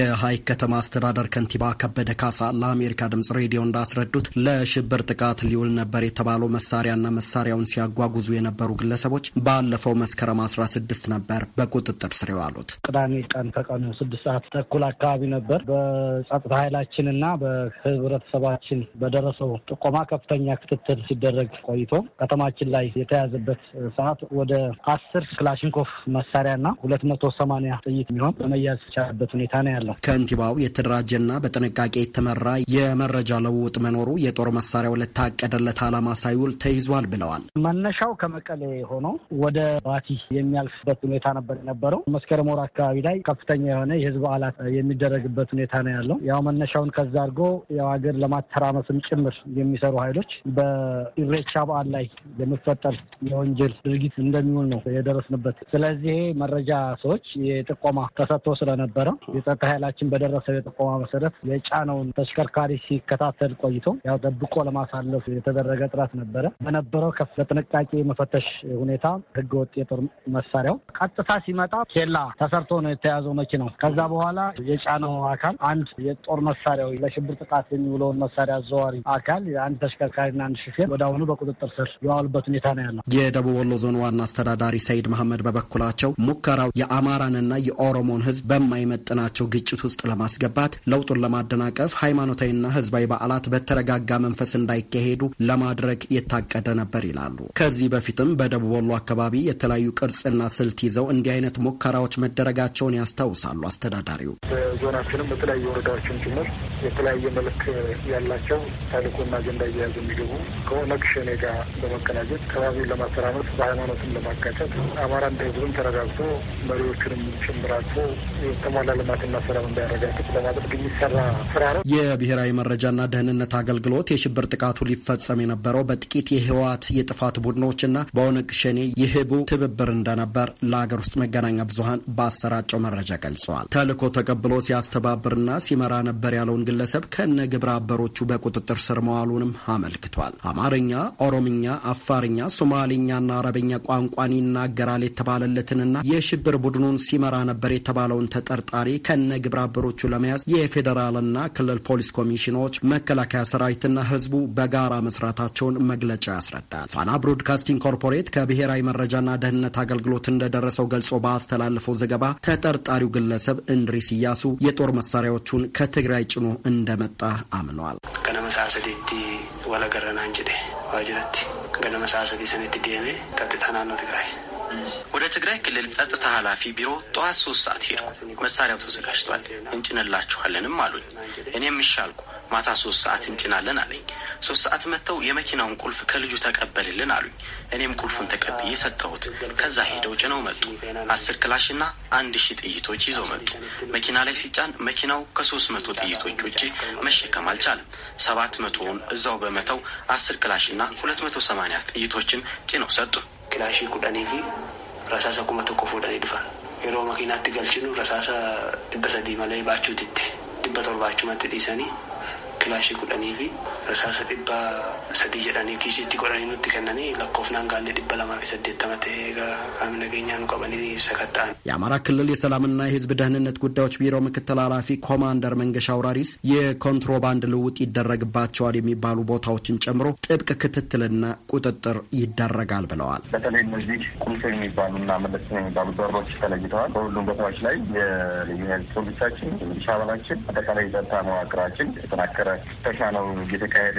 S8: የሐይቅ ከተማ አስተዳደር ከንቲባ ከበደ ካሳ ለአሜሪካ ድምጽ ሬዲዮ እንዳስረዱት ለሽብር ጥቃት ሊውል ነበር የተባለው መሳሪያና መሳሪያውን ሲያጓጉዙ የነበሩ ግለሰቦች ባለፈው መስከረም አስራ ስድስት ነበር በቁጥጥር ስር የዋሉት።
S9: ቅዳሜ ቀን ከቀኑ ስድስት ሰዓት ተኩል አካባቢ ነበር በጸጥታ ኃይላችንና በህብረተሰባችን በደረሰው ጥቆማ ከፍተኛ ክትትል ሲደረግ ቆይቶ ከተማችን ላይ የተያዘበት ሰዓት ወደ አስር ክላሽንኮፍ መሳሪያና ሁለት መቶ ሰማኒያ ጥይት የሚሆን በመያዝ ቻለበት ሁኔታ ነው። ያለው።
S8: ከንቲባው የተደራጀና በጥንቃቄ የተመራ የመረጃ ለውጥ መኖሩ የጦር መሳሪያው ለታቀደለት ዓላማ ሳይውል ተይዟል ብለዋል።
S9: መነሻው ከመቀሌ ሆኖ ወደ ባቲ የሚያልፍበት ሁኔታ ነበር የነበረው። መስከረም ወር አካባቢ ላይ ከፍተኛ የሆነ የህዝብ በዓላት የሚደረግበት ሁኔታ ነው ያለው። ያው መነሻውን ከዛ አድርጎ ያው ሀገር ለማተራመስም ጭምር የሚሰሩ ኃይሎች በኢሬቻ በዓል ላይ የሚፈጠር የወንጀል ድርጊት እንደሚውል ነው የደረስንበት። ስለዚህ መረጃ ሰዎች የጥቆማ ተሰጥቶ ስለነበረ የጸጥታ ኃይላችን በደረሰው የጥቆማ መሰረት የጫነውን ተሽከርካሪ ሲከታተል ቆይቶ ያው ደብቆ ለማሳለፍ የተደረገ ጥረት ነበረ። በነበረው በጥንቃቄ መፈተሽ ሁኔታ ህገወጥ የጦር መሳሪያው ቀጥታ ሲመጣ ኬላ ተሰርቶ ነው የተያዘው መኪናው። ከዛ በኋላ የጫነው አካል አንድ የጦር መሳሪያው ለሽብር ጥቃት የሚውለውን መሳሪያ አዘዋሪ አካል አንድ ተሽከርካሪና አንድ ሹፌር ወደ አሁኑ በቁጥጥር ስር የዋሉበት ሁኔታ ነው ያለው።
S8: የደቡብ ወሎ ዞን ዋና አስተዳዳሪ ሰይድ መሐመድ በበኩላቸው ሙከራው የአማራንና የኦሮሞን ህዝብ በማይመጥናቸው ግጭት ውስጥ ለማስገባት ለውጡን ለማደናቀፍ ሃይማኖታዊና ህዝባዊ በዓላት በተረጋጋ መንፈስ እንዳይካሄዱ ለማድረግ የታቀደ ነበር ይላሉ። ከዚህ በፊትም በደቡብ ወሎ አካባቢ የተለያዩ ቅርጽና ስልት ይዘው እንዲህ አይነት ሙከራዎች መደረጋቸውን ያስታውሳሉ አስተዳዳሪው።
S10: በዞናችንም በተለያዩ ወረዳዎችን ጭምር የተለያየ መልክ ያላቸው ታሪኮና አጀንዳ እየያዙ የሚገቡ ከኦነግ ሸኔ ጋር በመቀናጀት ከባቢውን ለማሰራመት በሃይማኖትን ለማጋጨት አማራ እንደ ህዝብም ተረጋግቶ መሪዎችንም ጭምራቸው የተሟላ ልማትና እንዳያረጋግጥ ለማድረግ የሚሰራ
S8: ስራ ነው። የብሔራዊ መረጃና ደህንነት አገልግሎት የሽብር ጥቃቱ ሊፈጸም የነበረው በጥቂት የህወሓት የጥፋት ቡድኖችና በኦነግ ሸኔ የህቡ ትብብር እንደነበር ለሀገር ውስጥ መገናኛ ብዙሀን ባሰራጨው መረጃ ገልጸዋል። ተልዕኮ ተቀብሎ ሲያስተባብርና ሲመራ ነበር ያለውን ግለሰብ ከነ ግብረ አበሮቹ በቁጥጥር ስር መዋሉንም አመልክቷል። አማርኛ፣ ኦሮምኛ፣ አፋርኛ፣ ሶማሌኛና አረበኛ ቋንቋን ይናገራል የተባለለትንና የሽብር ቡድኑን ሲመራ ነበር የተባለውን ተጠርጣሪ ከነ ግብረ አበሮቹ ለመያዝ የፌዴራልና ክልል ፖሊስ ኮሚሽኖች፣ መከላከያ ሰራዊትና ህዝቡ በጋራ መስራታቸውን መግለጫ ያስረዳል። ፋና ብሮድካስቲንግ ኮርፖሬት ከብሔራዊ መረጃና ደህንነት አገልግሎት እንደደረሰው ገልጾ ባስተላለፈው ዘገባ ተጠርጣሪው ግለሰብ እንድሪስ እያሱ የጦር መሳሪያዎቹን ከትግራይ ጭኖ እንደመጣ አምኗል።
S5: ዋጅረት ገነመሳሰቲ ሰኒት ዲኤምኤ ጠጥታ ትግራይ ወደ ትግራይ ክልል
S8: ጸጥታ ኃላፊ ቢሮ ጠዋት ሶስት ሰዓት ሄድኩ። መሳሪያው ተዘጋጅቷል፣ እንጭንላችኋለንም አሉኝ። እኔም ይሻልኩ ማታ ሶስት ሰዓት እንጭናለን አለኝ። ሶስት ሰዓት መጥተው የመኪናውን ቁልፍ ከልጁ ተቀበልልን አሉኝ። እኔም ቁልፉን ተቀብዬ ሰጠሁት። ከዛ ሄደው ጭነው መጡ። አስር ክላሽና አንድ ሺህ ጥይቶች ይዘው መጡ። መኪና ላይ ሲጫን መኪናው ከሶስት መቶ ጥይቶች ውጭ መሸከም አልቻለም። ሰባት መቶውን እዛው በመተው አስር ክላሽና ሁለት
S11: መቶ ሰማኒያ ጥይቶችን ጭነው ሰጡ። kilaashii kudhanii fi rasaasa kuma tokko fuudhanii
S5: dhufan. Yeroo makiinaatti galchinu rasaasa dhibba sadii malee baachuutitti dhibba torbaachumatti dhiisanii kilaashii kudhanii fi rasaasa dhibba sadii jedhanii kiisitti godhanii nutti kennanii lakkoofnaan gaanne dhibba lamaa fi saddeettama ta'ee qaamni nageenyaa nu qabanii sakatta'an.
S8: የአማራ ክልል የሰላምና የህዝብ ደህንነት ጉዳዮች ቢሮ ምክትል ኃላፊ ኮማንደር መንገሻ አውራሪስ የኮንትሮባንድ ልውጥ ይደረግባቸዋል የሚባሉ ቦታዎችን ጨምሮ ጥብቅ ክትትልና ቁጥጥር ይደረጋል ብለዋል።
S10: በተለይ እነዚህ ቁልፍ የሚባሉና መለስ የሚባሉ በሮች ተለይተዋል። በሁሉም ቦታዎች ላይ የፖሊሳችን ሚሊሻ አባላችን አጠቃላይ የጸጥታ መዋቅራችን የተጠናከረ ፍተሻ ነው እየተካሄደ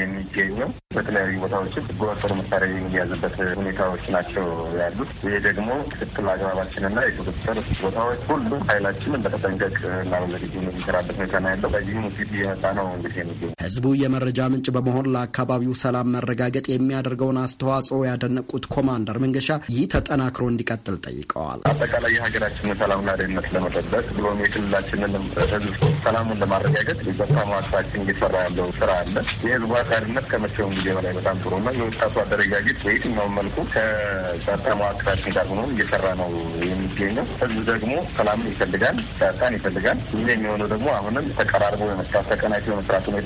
S10: የሚገኘው። በተለያዩ ቦታዎችም ህገወጥ መሳሪያ የሚያዝበት ሁኔታዎች ናቸው ያሉት። ይሄ ደግሞ ክትትል አግባባችንና የቁጥጥር ቦታዎች ሁሉ ኃይላችንን በተጠንቀቅ እና በዝግጁ የሚሰራበት ሁኔታ ነው ያለው። በዚህም ውፊት እየመጣ ነው እንግዲህ የሚገኝ ህዝቡ
S8: የመረጃ ምንጭ በመሆን ለአካባቢው ሰላም መረጋገጥ የሚያደርገውን አስተዋጽኦ ያደነቁት ኮማንደር መንገሻ ይህ ተጠናክሮ እንዲቀጥል ጠይቀዋል።
S10: አጠቃላይ የሀገራችንን ሰላምና ደህንነት ለመጠበቅ ብሎም የክልላችንንም ህዝብ ሰላሙን ለማረጋገጥ የጸጥታ መንግስታችን እየሰራ ያለው ስራ አለ። የህዝቡ አጋርነት ከመቼውም ጊዜ በላይ በጣም ጥሩ ነው። የወጣቱ አደረጃጀት በየትኛውም መልኩ ከጸጥታ መዋቅራችን ጋር ሆኖ እየሰራ ነው የሚገኘው። ህዝብ ደግሞ ሰላምን ይፈልጋል፣ ጸጥታን ይፈልጋል። ይህ የሚሆነው ደግሞ አሁንም ተቀራርቦ የመስራት ተቀናጅቶ የመስራት ሁኔታ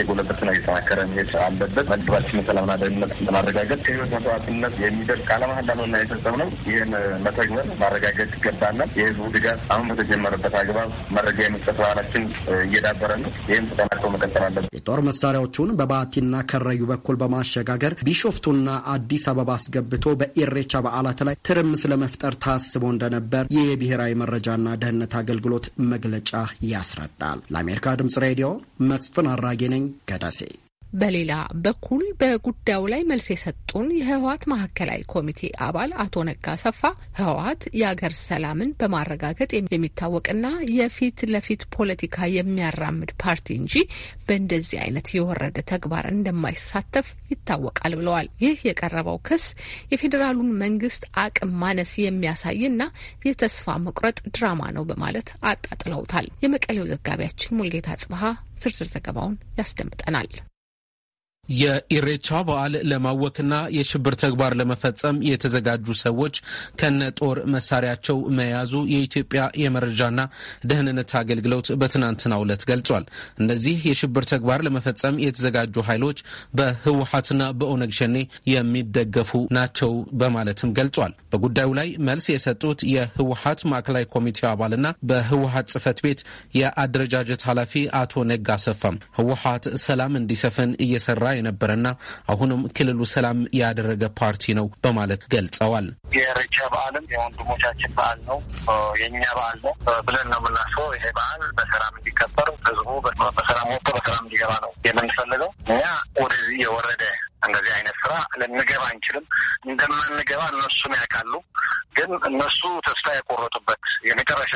S10: ይበልጥ ነው እየተናከረ መሄድ አለበት። መድባችን የሰላምና ደህንነት ለማረጋገጥ ከህይወት መስዋዕትነት የሚደርግ ቃለ መሃላ መሆኑን ነው። ይህን መተግበር ማረጋገጥ ይገባናል። የህዝቡ ድጋፍ አሁን በተጀመረበት አግባብ መረጃ የመስጠት ባህላችን እየዳበረ ነው። ይህም ተጠናክሮ መቀጠል አለበት።
S8: የጦር መሳሪያዎቹን በባቲና ከረዩ በኩል በማሸጋገር ቢሾፍቱና አዲስ አበባ አስገብቶ በኢሬቻ በዓላት ላይ ትርምስ ለመፍጠር ታስቦ እንደነበር የብሔራዊ መረጃና ደህንነት አገልግሎት መግለጫ ያስረዳል። ለአሜሪካ ድምጽ ሬዲዮ መስፍን አራጌ ነኝ ከደሴ።
S3: በሌላ በኩል በጉዳዩ ላይ መልስ የሰጡን የህወሀት ማዕከላዊ ኮሚቴ አባል አቶ ነጋ ሰፋ ህወሀት የአገር ሰላምን በማረጋገጥ የሚታወቅና የፊት ለፊት ፖለቲካ የሚያራምድ ፓርቲ እንጂ በእንደዚህ አይነት የወረደ ተግባር እንደማይሳተፍ ይታወቃል ብለዋል። ይህ የቀረበው ክስ የፌዴራሉን መንግስት አቅም ማነስ የሚያሳይና የተስፋ መቁረጥ ድራማ ነው በማለት አጣጥለውታል። የመቀሌው ዘጋቢያችን ሙልጌታ ጽብሀ ዝርዝር ዘገባውን ያስደምጠናል።
S12: የኢሬቻ በዓል ለማወክና የሽብር ተግባር ለመፈጸም የተዘጋጁ ሰዎች ከነ ጦር መሳሪያቸው መያዙ የኢትዮጵያ የመረጃና ደህንነት አገልግሎት በትናንትናው ዕለት ገልጿል። እነዚህ የሽብር ተግባር ለመፈጸም የተዘጋጁ ኃይሎች በህወሀትና በኦነግ ሸኔ የሚደገፉ ናቸው በማለትም ገልጿል። በጉዳዩ ላይ መልስ የሰጡት የህወሀት ማዕከላዊ ኮሚቴው አባልና በህወሀት ጽህፈት ቤት የአደረጃጀት ኃላፊ አቶ ነጋ ሰፋም ህወሀት ሰላም እንዲሰፍን እየሰራ የነበረና አሁንም ክልሉ ሰላም ያደረገ ፓርቲ ነው በማለት ገልጸዋል።
S13: የኢሬቻ በዓልም የወንድሞቻችን በዓል ነው፣ የእኛ በዓል ነው ብለን ነው የምናስበው። ይሄ በዓል በሰላም እንዲከበር ህዝቡ በሰላም ወጥቶ በሰላም እንዲገባ ነው የምንፈልገው። እኛ ወደዚህ የወረደ እንደዚህ አይነት ስራ ልንገባ አንችልም። እንደማንገባ እነሱም ያውቃሉ። ግን እነሱ ተስፋ የቆረጡበት የመጨረሻ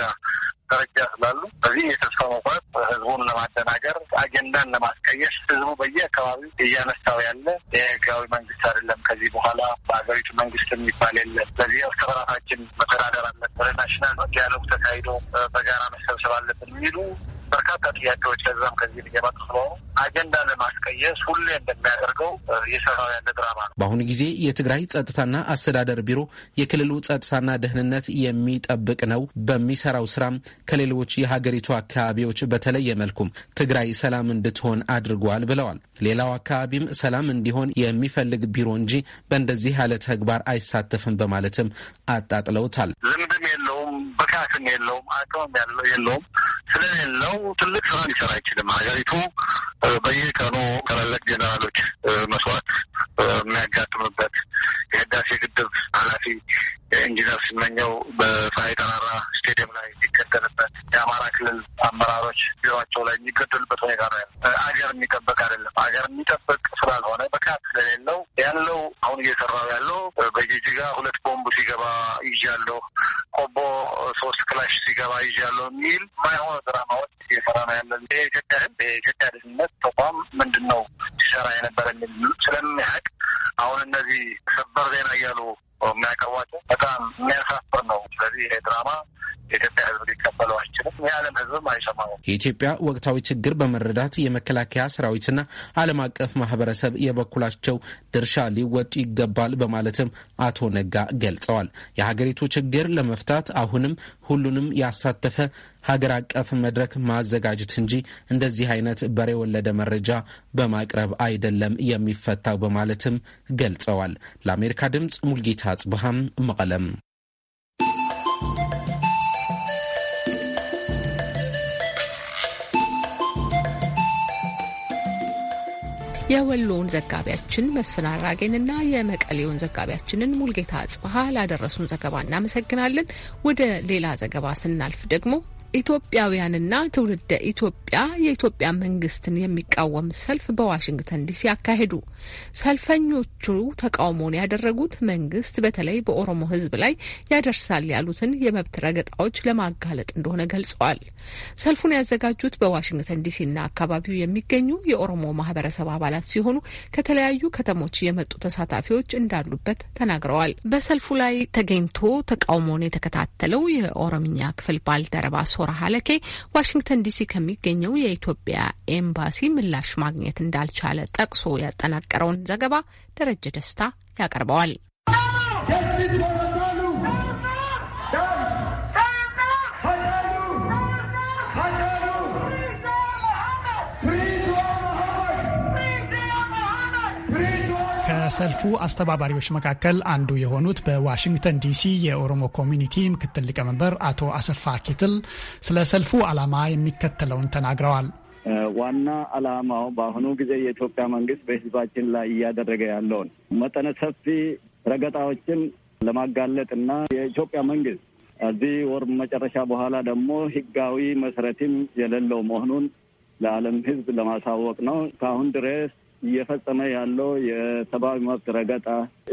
S13: ደረጃ ስላሉ በዚህ የተስፋ መቁረጥ ህዝቡን ለማደናገር አጀንዳን ለማስቀየስ ህዝቡ በየአካባቢው እያነሳው ያለ የህጋዊ መንግስት አይደለም። ከዚህ በኋላ በሀገሪቱ መንግስት የሚባል የለም። ስለዚህ እርስ በራሳችን መተዳደር አለብን። ናሽናል ዲያሎግ ተካሂዶ በጋራ መሰብሰብ አለብን የሚሉ በርካታ ጥያቄዎች ከዛም ከዚህ የሚገባ አጀንዳ ለማስቀየስ ሁሌ እንደሚያደርገው የሰራው
S12: ያለ ድራማ ነው። በአሁኑ ጊዜ የትግራይ ጸጥታና አስተዳደር ቢሮ የክልሉ ጸጥታና ደህንነት የሚጠብቅ ነው። በሚሰራው ስራም ከሌሎች የሀገሪቱ አካባቢዎች በተለየ መልኩም ትግራይ ሰላም እንድትሆን አድርጓል ብለዋል። ሌላው አካባቢም ሰላም እንዲሆን የሚፈልግ ቢሮ እንጂ በእንደዚህ ያለ ተግባር አይሳተፍም በማለትም አጣጥለውታል።
S13: ልምድም የለውም፣ ብቃትም የለውም፣ አቅምም የለውም ስለሌለው ትልቅ ስራ ሊሰራ አይችልም። ሀገሪቱ በየቀኑ ታላላቅ ጀነራሎች መስዋዕት የሚያጋጥምበት የህዳሴ ግድብ ኃላፊ ኢንጂነር ስመኘው በፀሐይ ጠራራ ስቴዲየም ላይ የሚገደልበት የአማራ ክልል አመራሮች ቢሮቸው ላይ የሚገደሉበት ሁኔታ ነው ያለ። አገር የሚጠበቅ አይደለም። አገር የሚጠበቅ ስላልሆነ ብቃት ስለሌለው ያለው አሁን እየሰራው ያለው በጅጅጋ ሁለት ቦምቡ ሲገባ ይዣለሁ፣ ቆቦ ሶስት ክላሽ ሲገባ ይዣለሁ የሚል ማይሆነ ድራማዎች እየሰራ ነው ያለ። የኢትዮጵያ ህዝብ የኢትዮጵያ ደህንነት ተቋም ምንድን ነው ሲሰራ የነበረ የሚል ስለሚ back አሁን እነዚህ ሰበር ዜና እያሉ የሚያቀርቧቸው በጣም የሚያሳፍር ነው። ስለዚህ ይሄ ድራማ የኢትዮጵያ ሕዝብ ሊቀበለው አይችልም። የዓለም ሕዝብም አይሰማውም።
S12: የኢትዮጵያ ወቅታዊ ችግር በመረዳት የመከላከያ ሰራዊትና ዓለም አቀፍ ማህበረሰብ የበኩላቸው ድርሻ ሊወጡ ይገባል በማለትም አቶ ነጋ ገልጸዋል። የሀገሪቱ ችግር ለመፍታት አሁንም ሁሉንም ያሳተፈ ሀገር አቀፍ መድረክ ማዘጋጀት እንጂ እንደዚህ አይነት በሬ ወለደ መረጃ በማቅረብ አይደለም የሚፈታው በማለትም ገልጸዋል። ለአሜሪካ ድምፅ ሙልጌታ ጽብሃም መቀለም።
S3: የወሎውን ዘጋቢያችን መስፍን አራጌንና የመቀሌውን ዘጋቢያችንን ሙልጌታ ጽብሃ ላደረሱን ዘገባ እናመሰግናለን። ወደ ሌላ ዘገባ ስናልፍ ደግሞ ኢትዮጵያውያንና ትውልደ ኢትዮጵያ የኢትዮጵያ መንግስትን የሚቃወም ሰልፍ በዋሽንግተን ዲሲ አካሄዱ። ሰልፈኞቹ ተቃውሞውን ያደረጉት መንግስት በተለይ በኦሮሞ ሕዝብ ላይ ያደርሳል ያሉትን የመብት ረገጣዎች ለማጋለጥ እንደሆነ ገልጸዋል። ሰልፉን ያዘጋጁት በዋሽንግተን ዲሲና አካባቢው የሚገኙ የኦሮሞ ማህበረሰብ አባላት ሲሆኑ ከተለያዩ ከተሞች የመጡ ተሳታፊዎች እንዳሉበት ተናግረዋል። በሰልፉ ላይ ተገኝቶ ተቃውሞውን የተከታተለው የኦሮምኛ ክፍል ባልደረባ ሶራ ሀለኬ ዋሽንግተን ዲሲ ከሚገኘው የኢትዮጵያ ኤምባሲ ምላሽ ማግኘት እንዳልቻለ ጠቅሶ ያጠናቀረውን ዘገባ ደረጀ ደስታ ያቀርበዋል።
S5: ከሰልፉ አስተባባሪዎች መካከል አንዱ የሆኑት በዋሽንግተን ዲሲ የኦሮሞ ኮሚኒቲ ምክትል ሊቀመንበር አቶ አሰፋ ኪትል ስለ ሰልፉ ዓላማ የሚከተለውን ተናግረዋል።
S14: ዋና ዓላማው በአሁኑ ጊዜ የኢትዮጵያ መንግስት በህዝባችን ላይ እያደረገ ያለውን መጠነ ሰፊ ረገጣዎችን ለማጋለጥ እና የኢትዮጵያ መንግስት እዚህ ወር መጨረሻ በኋላ ደግሞ ህጋዊ መሰረትም የሌለው መሆኑን ለዓለም ህዝብ ለማሳወቅ ነው። ከአሁን ድረስ እየፈጸመ ያለው የሰብአዊ መብት ረገጣ፣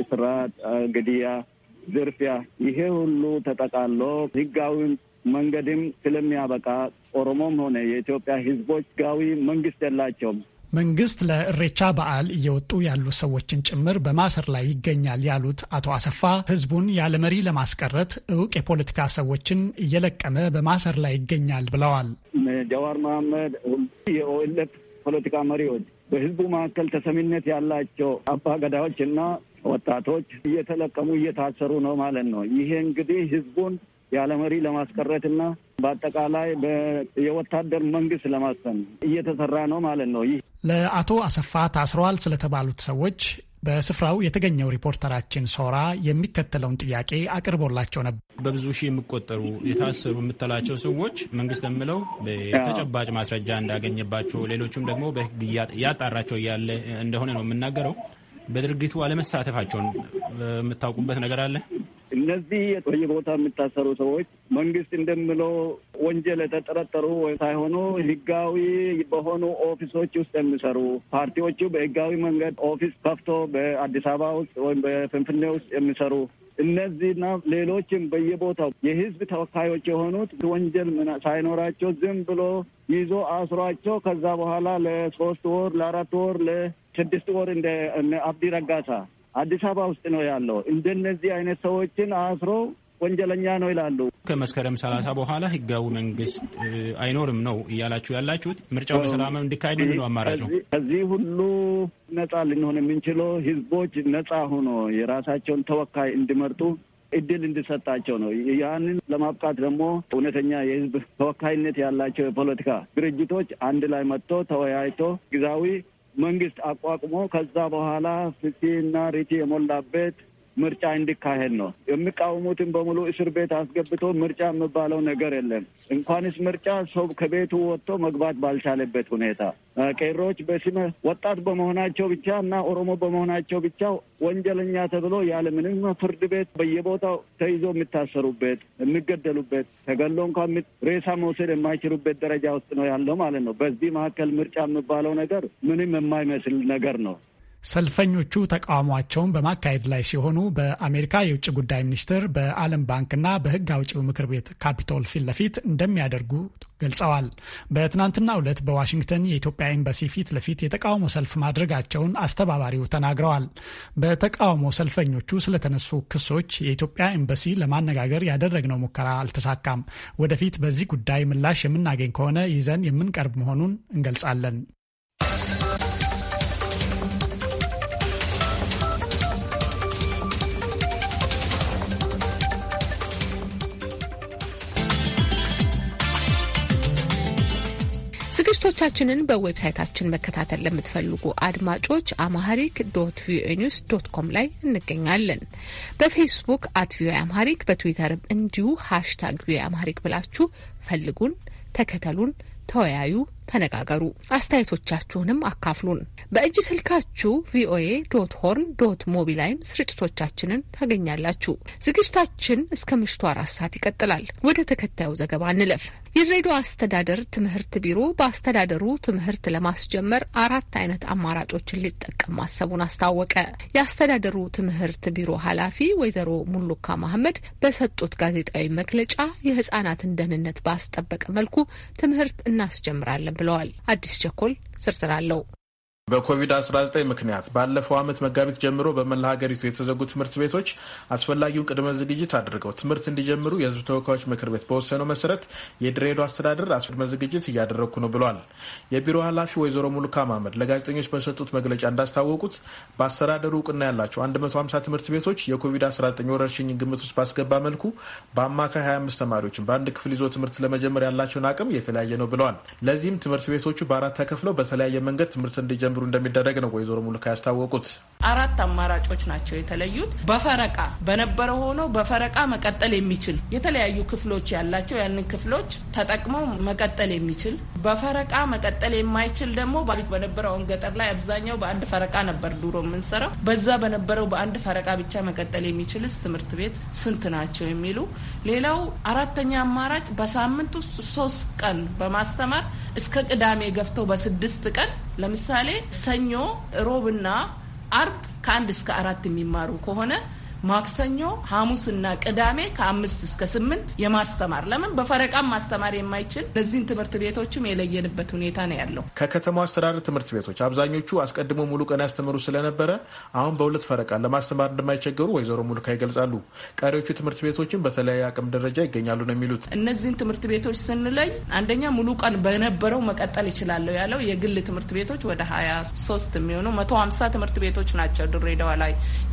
S14: እስራት፣ ግድያ፣ ዝርፊያ ይሄ ሁሉ ተጠቃሎ ህጋዊ መንገድም ስለሚያበቃ ኦሮሞም ሆነ የኢትዮጵያ ህዝቦች ህጋዊ መንግስት የላቸውም።
S5: መንግስት ለእሬቻ በዓል እየወጡ ያሉ ሰዎችን ጭምር በማሰር ላይ ይገኛል ያሉት አቶ አሰፋ ህዝቡን ያለ መሪ ለማስቀረት እውቅ የፖለቲካ ሰዎችን እየለቀመ በማሰር ላይ ይገኛል ብለዋል።
S14: ጀዋር መሐመድ፣ የኦኤልኤፍ ፖለቲካ መሪዎች በህዝቡ መካከል ተሰሚነት ያላቸው አባገዳዎች እና ወጣቶች እየተለቀሙ እየታሰሩ ነው ማለት ነው። ይሄ እንግዲህ ህዝቡን ያለ መሪ ለማስቀረትና በአጠቃላይ የወታደር መንግስት ለማሰን እየተሰራ ነው ማለት ነው። ይህ
S5: ለአቶ አሰፋ ታስረዋል ስለተባሉት ሰዎች በስፍራው የተገኘው ሪፖርተራችን ሶራ የሚከተለውን ጥያቄ አቅርቦላቸው ነበር። በብዙ ሺህ የሚቆጠሩ የታሰሩ የምትላቸው ሰዎች መንግስት የምለው ተጨባጭ ማስረጃ እንዳገኘባቸው፣ ሌሎችም ደግሞ በህግ እያጣራቸው እያለ እንደሆነ ነው የምናገረው። በድርጊቱ አለመሳተፋቸውን የምታውቁበት ነገር አለ?
S14: እነዚህ በየቦታ የሚታሰሩ ሰዎች መንግስት እንደምለው ወንጀል የተጠረጠሩ ሳይሆኑ ህጋዊ በሆኑ ኦፊሶች ውስጥ የሚሰሩ ፓርቲዎቹ በህጋዊ መንገድ ኦፊስ ከፍቶ በአዲስ አበባ ውስጥ ወይም በፍንፍኔ ውስጥ የሚሰሩ እነዚህና ሌሎችም በየቦታው የህዝብ ተወካዮች የሆኑት ወንጀል ሳይኖራቸው ዝም ብሎ ይዞ አስሯቸው ከዛ በኋላ ለሶስት ወር ለአራት ወር ስድስት ወር እንደ አብዲ ረጋሳ አዲስ አበባ ውስጥ ነው ያለው። እንደነዚህ አይነት ሰዎችን አስሮ ወንጀለኛ ነው
S5: ይላሉ። ከመስከረም ሰላሳ በኋላ ህጋዊ መንግስት አይኖርም ነው እያላችሁ ያላችሁት። ምርጫው በሰላም እንዲካሄድ ምን ነው አማራጭ ነው?
S14: ከዚህ ሁሉ ነጻ ልንሆን የምንችለው ህዝቦች ነጻ ሆኖ የራሳቸውን ተወካይ እንዲመርጡ እድል እንዲሰጣቸው ነው። ያንን ለማብቃት ደግሞ እውነተኛ የህዝብ ተወካይነት ያላቸው የፖለቲካ ድርጅቶች አንድ ላይ መጥቶ ተወያይቶ ጊዜያዊ መንግስት አቋቁሞ ከዛ በኋላ እና ሪቲ የሞላበት ምርጫ እንዲካሄድ ነው። የሚቃወሙትን በሙሉ እስር ቤት አስገብቶ ምርጫ የሚባለው ነገር የለም። እንኳንስ ምርጫ ሰው ከቤቱ ወጥቶ መግባት ባልቻለበት ሁኔታ ቄሮች በስመ ወጣት በመሆናቸው ብቻ እና ኦሮሞ በመሆናቸው ብቻ ወንጀለኛ ተብሎ ያለ ምንም ፍርድ ቤት በየቦታው ተይዞ የሚታሰሩበት የሚገደሉበት ተገሎ እንኳን ሬሳ መውሰድ የማይችሉበት ደረጃ ውስጥ ነው ያለው ማለት ነው። በዚህ መካከል ምርጫ የሚባለው ነገር ምንም የማይመስል ነገር ነው።
S5: ሰልፈኞቹ ተቃውሟቸውን በማካሄድ ላይ ሲሆኑ በአሜሪካ የውጭ ጉዳይ ሚኒስትር በዓለም ባንክና በሕግ አውጪው ምክር ቤት ካፒቶል ፊት ለፊት እንደሚያደርጉ ገልጸዋል። በትናንትናው ዕለት በዋሽንግተን የኢትዮጵያ ኤምባሲ ፊት ለፊት የተቃውሞ ሰልፍ ማድረጋቸውን አስተባባሪው ተናግረዋል። በተቃውሞ ሰልፈኞቹ ስለተነሱ ክሶች የኢትዮጵያ ኤምባሲ ለማነጋገር ያደረግነው ሙከራ አልተሳካም። ወደፊት በዚህ ጉዳይ ምላሽ የምናገኝ ከሆነ ይዘን የምንቀርብ መሆኑን እንገልጻለን።
S3: ዝግጅቶቻችንን በዌብሳይታችን መከታተል ለምትፈልጉ አድማጮች አማሃሪክ ዶት ቪኦኤ ኒውስ ዶት ኮም ላይ እንገኛለን። በፌስቡክ አት ቪኦኤ አማሃሪክ፣ በትዊተርም እንዲሁ ሃሽታግ ቪኦኤ አማሃሪክ ብላችሁ ፈልጉን፣ ተከተሉን፣ ተወያዩ፣ ተነጋገሩ። አስተያየቶቻችሁንም አካፍሉን። በእጅ ስልካችሁ ቪኦኤ ዶት ሆርን ዶት ሞቢ ላይም ስርጭቶቻችንን ታገኛላችሁ። ዝግጅታችን እስከ ምሽቱ አራት ሰዓት ይቀጥላል። ወደ ተከታዩ ዘገባ እንለፍ። የድሬዳዋ አስተዳደር ትምህርት ቢሮ በአስተዳደሩ ትምህርት ለማስጀመር አራት አይነት አማራጮችን ሊጠቀም ማሰቡን አስታወቀ። የአስተዳደሩ ትምህርት ቢሮ ኃላፊ ወይዘሮ ሙሉካ መሐመድ በሰጡት ጋዜጣዊ መግለጫ የህጻናትን ደህንነት ባስጠበቀ መልኩ ትምህርት እናስጀምራለን ብለዋል። አዲስ ቸኮል ዝርዝር አለው።
S6: በኮቪድ-19 ምክንያት ባለፈው ዓመት መጋቢት ጀምሮ በመላ ሀገሪቱ የተዘጉ ትምህርት ቤቶች አስፈላጊውን ቅድመ ዝግጅት አድርገው ትምህርት እንዲጀምሩ የሕዝብ ተወካዮች ምክር ቤት በወሰነው መሰረት የድሬዳዋ አስተዳደር አስቅድመ ዝግጅት እያደረግኩ ነው ብሏል። የቢሮ ኃላፊ ወይዘሮ ሙሉካ ማመድ ለጋዜጠኞች በሰጡት መግለጫ እንዳስታወቁት በአስተዳደሩ እውቅና ያላቸው 150 ትምህርት ቤቶች የኮቪድ-19 ወረርሽኝን ግምት ውስጥ ባስገባ መልኩ በአማካይ 25 ተማሪዎችን በአንድ ክፍል ይዞ ትምህርት ለመጀመር ያላቸውን አቅም የተለያየ ነው ብለዋል። ለዚህም ትምህርት ቤቶቹ በአራት ተከፍለው በተለያየ መንገድ ትምህርት እንዲጀምሩ ምርምሩ እንደሚደረግ ነው ወይዘሮ ሙልካ ያስታወቁት።
S1: አራት አማራጮች ናቸው የተለዩት። በፈረቃ በነበረ ሆኖ በፈረቃ መቀጠል የሚችል የተለያዩ ክፍሎች ያላቸው ያንን ክፍሎች ተጠቅመው መቀጠል የሚችል በፈረቃ መቀጠል የማይችል ደግሞ በነበረውን ገጠር ላይ አብዛኛው በአንድ ፈረቃ ነበር ድሮ የምንሰራው። በዛ በነበረው በአንድ ፈረቃ ብቻ መቀጠል የሚችልስ ትምህርት ቤት ስንት ናቸው የሚሉ ሌላው አራተኛ አማራጭ በሳምንት ውስጥ ሶስት ቀን በማስተማር እስከ ቅዳሜ ገፍተው በስድስት ቀን ለምሳሌ ሰኞ፣ ሮብና አርብ ከአንድ እስከ አራት የሚማሩ ከሆነ ማክሰኞ፣ ሐሙስና ቅዳሜ ከአምስት እስከ ስምንት የማስተማር ለምን በፈረቃም ማስተማር የማይችል እነዚህን ትምህርት ቤቶችም የለየንበት ሁኔታ ነው ያለው።
S6: ከከተማ አስተዳደር ትምህርት ቤቶች አብዛኞቹ አስቀድሞ ሙሉ ቀን ያስተምሩ ስለነበረ አሁን በሁለት ፈረቃ ለማስተማር እንደማይቸገሩ ወይዘሮ ሙልካ ይገልጻሉ። ቀሪዎቹ ትምህርት ቤቶችም በተለያየ አቅም ደረጃ ይገኛሉ ነው የሚሉት።
S1: እነዚህን ትምህርት ቤቶች ስንለይ አንደኛ ሙሉ ቀን በነበረው መቀጠል ይችላለሁ ያለው የግል ትምህርት ቤቶች ወደ ሶስት የሚሆኑ ሀምሳ ትምህርት ቤቶች ናቸው ድሬዳዋ ላይ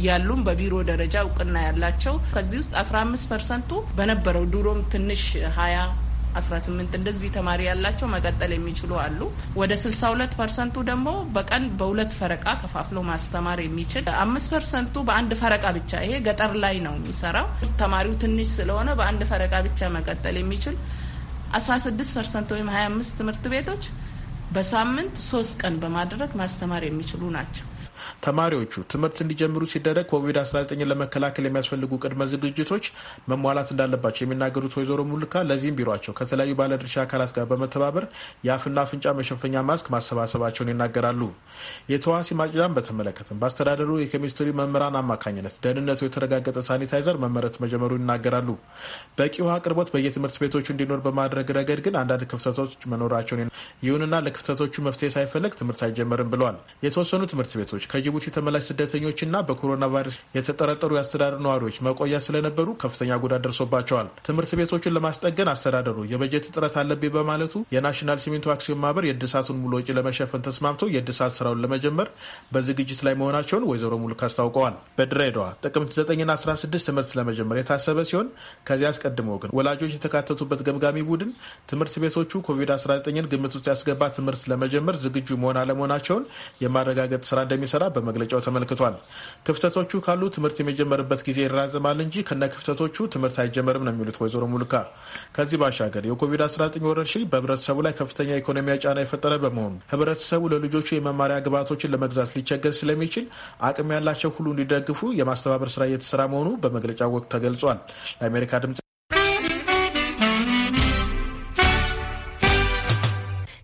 S1: ያሉም በቢሮ ደረጃ እውቅና ያላቸው ከዚህ ውስጥ አስራ አምስት ፐርሰንቱ በነበረው ድሮም ትንሽ ሀያ አስራ ስምንት እንደዚህ ተማሪ ያላቸው መቀጠል የሚችሉ አሉ። ወደ ስልሳ ሁለት ፐርሰንቱ ደግሞ በቀን በሁለት ፈረቃ ከፋፍሎ ማስተማር የሚችል አምስት ፐርሰንቱ በአንድ ፈረቃ ብቻ ይሄ ገጠር ላይ ነው የሚሰራው ተማሪው ትንሽ ስለሆነ በአንድ ፈረቃ ብቻ መቀጠል የሚችል አስራ ስድስት ፐርሰንት ወይም ሀያ አምስት ትምህርት ቤቶች በሳምንት ሶስት ቀን በማድረግ ማስተማር የሚችሉ ናቸው።
S6: ተማሪዎቹ ትምህርት እንዲጀምሩ ሲደረግ ኮቪድ-19 ለመከላከል የሚያስፈልጉ ቅድመ ዝግጅቶች መሟላት እንዳለባቸው የሚናገሩት ወይዘሮ ሙልካ ለዚህም ቢሯቸው ከተለያዩ ባለድርሻ አካላት ጋር በመተባበር የአፍና አፍንጫ መሸፈኛ ማስክ ማሰባሰባቸውን ይናገራሉ። የተዋሲ ማጭዳን በተመለከተም በአስተዳደሩ የኬሚስትሪ መምህራን አማካኝነት ደህንነቱ የተረጋገጠ ሳኒታይዘር መመረት መጀመሩ ይናገራሉ። በቂ ውሃ አቅርቦት በየትምህርት ቤቶቹ እንዲኖር በማድረግ ረገድ ግን አንዳንድ ክፍተቶች መኖራቸውን፣ ይሁንና ለክፍተቶቹ መፍትሄ ሳይፈለግ ትምህርት አይጀመርም ብለዋል። የተወሰኑ ትምህርት ቤቶች ለጅቡቲ ተመላሽ ስደተኞችና በኮሮና ቫይረስ የተጠረጠሩ የአስተዳደር ነዋሪዎች መቆያ ስለነበሩ ከፍተኛ ጉዳት ደርሶባቸዋል። ትምህርት ቤቶችን ለማስጠገን አስተዳደሩ የበጀት እጥረት አለብኝ በማለቱ የናሽናል ሲሚንቶ አክሲዮን ማህበር የእድሳቱን ሙሉ ወጪ ለመሸፈን ተስማምቶ የእድሳት ስራውን ለመጀመር በዝግጅት ላይ መሆናቸውን ወይዘሮ ሙልክ አስታውቀዋል። በድሬዳዋ ጥቅምት 9ና 16 ትምህርት ለመጀመር የታሰበ ሲሆን ከዚህ አስቀድሞ ግን ወላጆች የተካተቱበት ገምጋሚ ቡድን ትምህርት ቤቶቹ ኮቪድ-19ን ግምት ውስጥ ያስገባ ትምህርት ለመጀመር ዝግጁ መሆን አለመሆናቸውን የማረጋገጥ ስራ እንደሚሰራ በመግለጫው ተመልክቷል። ክፍተቶቹ ካሉ ትምህርት የሚጀመርበት ጊዜ ይራዘማል እንጂ ከነ ክፍተቶቹ ትምህርት አይጀመርም ነው የሚሉት ወይዘሮ ሙልካ። ከዚህ ባሻገር የኮቪድ-19 ወረርሽኝ በህብረተሰቡ ላይ ከፍተኛ ኢኮኖሚ ጫና የፈጠረ በመሆኑ ህብረተሰቡ ለልጆቹ የመማሪያ ግብዓቶችን ለመግዛት ሊቸገር ስለሚችል አቅም ያላቸው ሁሉ እንዲደግፉ የማስተባበር ስራ እየተሰራ መሆኑ በመግለጫው ወቅት ተገልጿል። ለአሜሪካ ድምጽ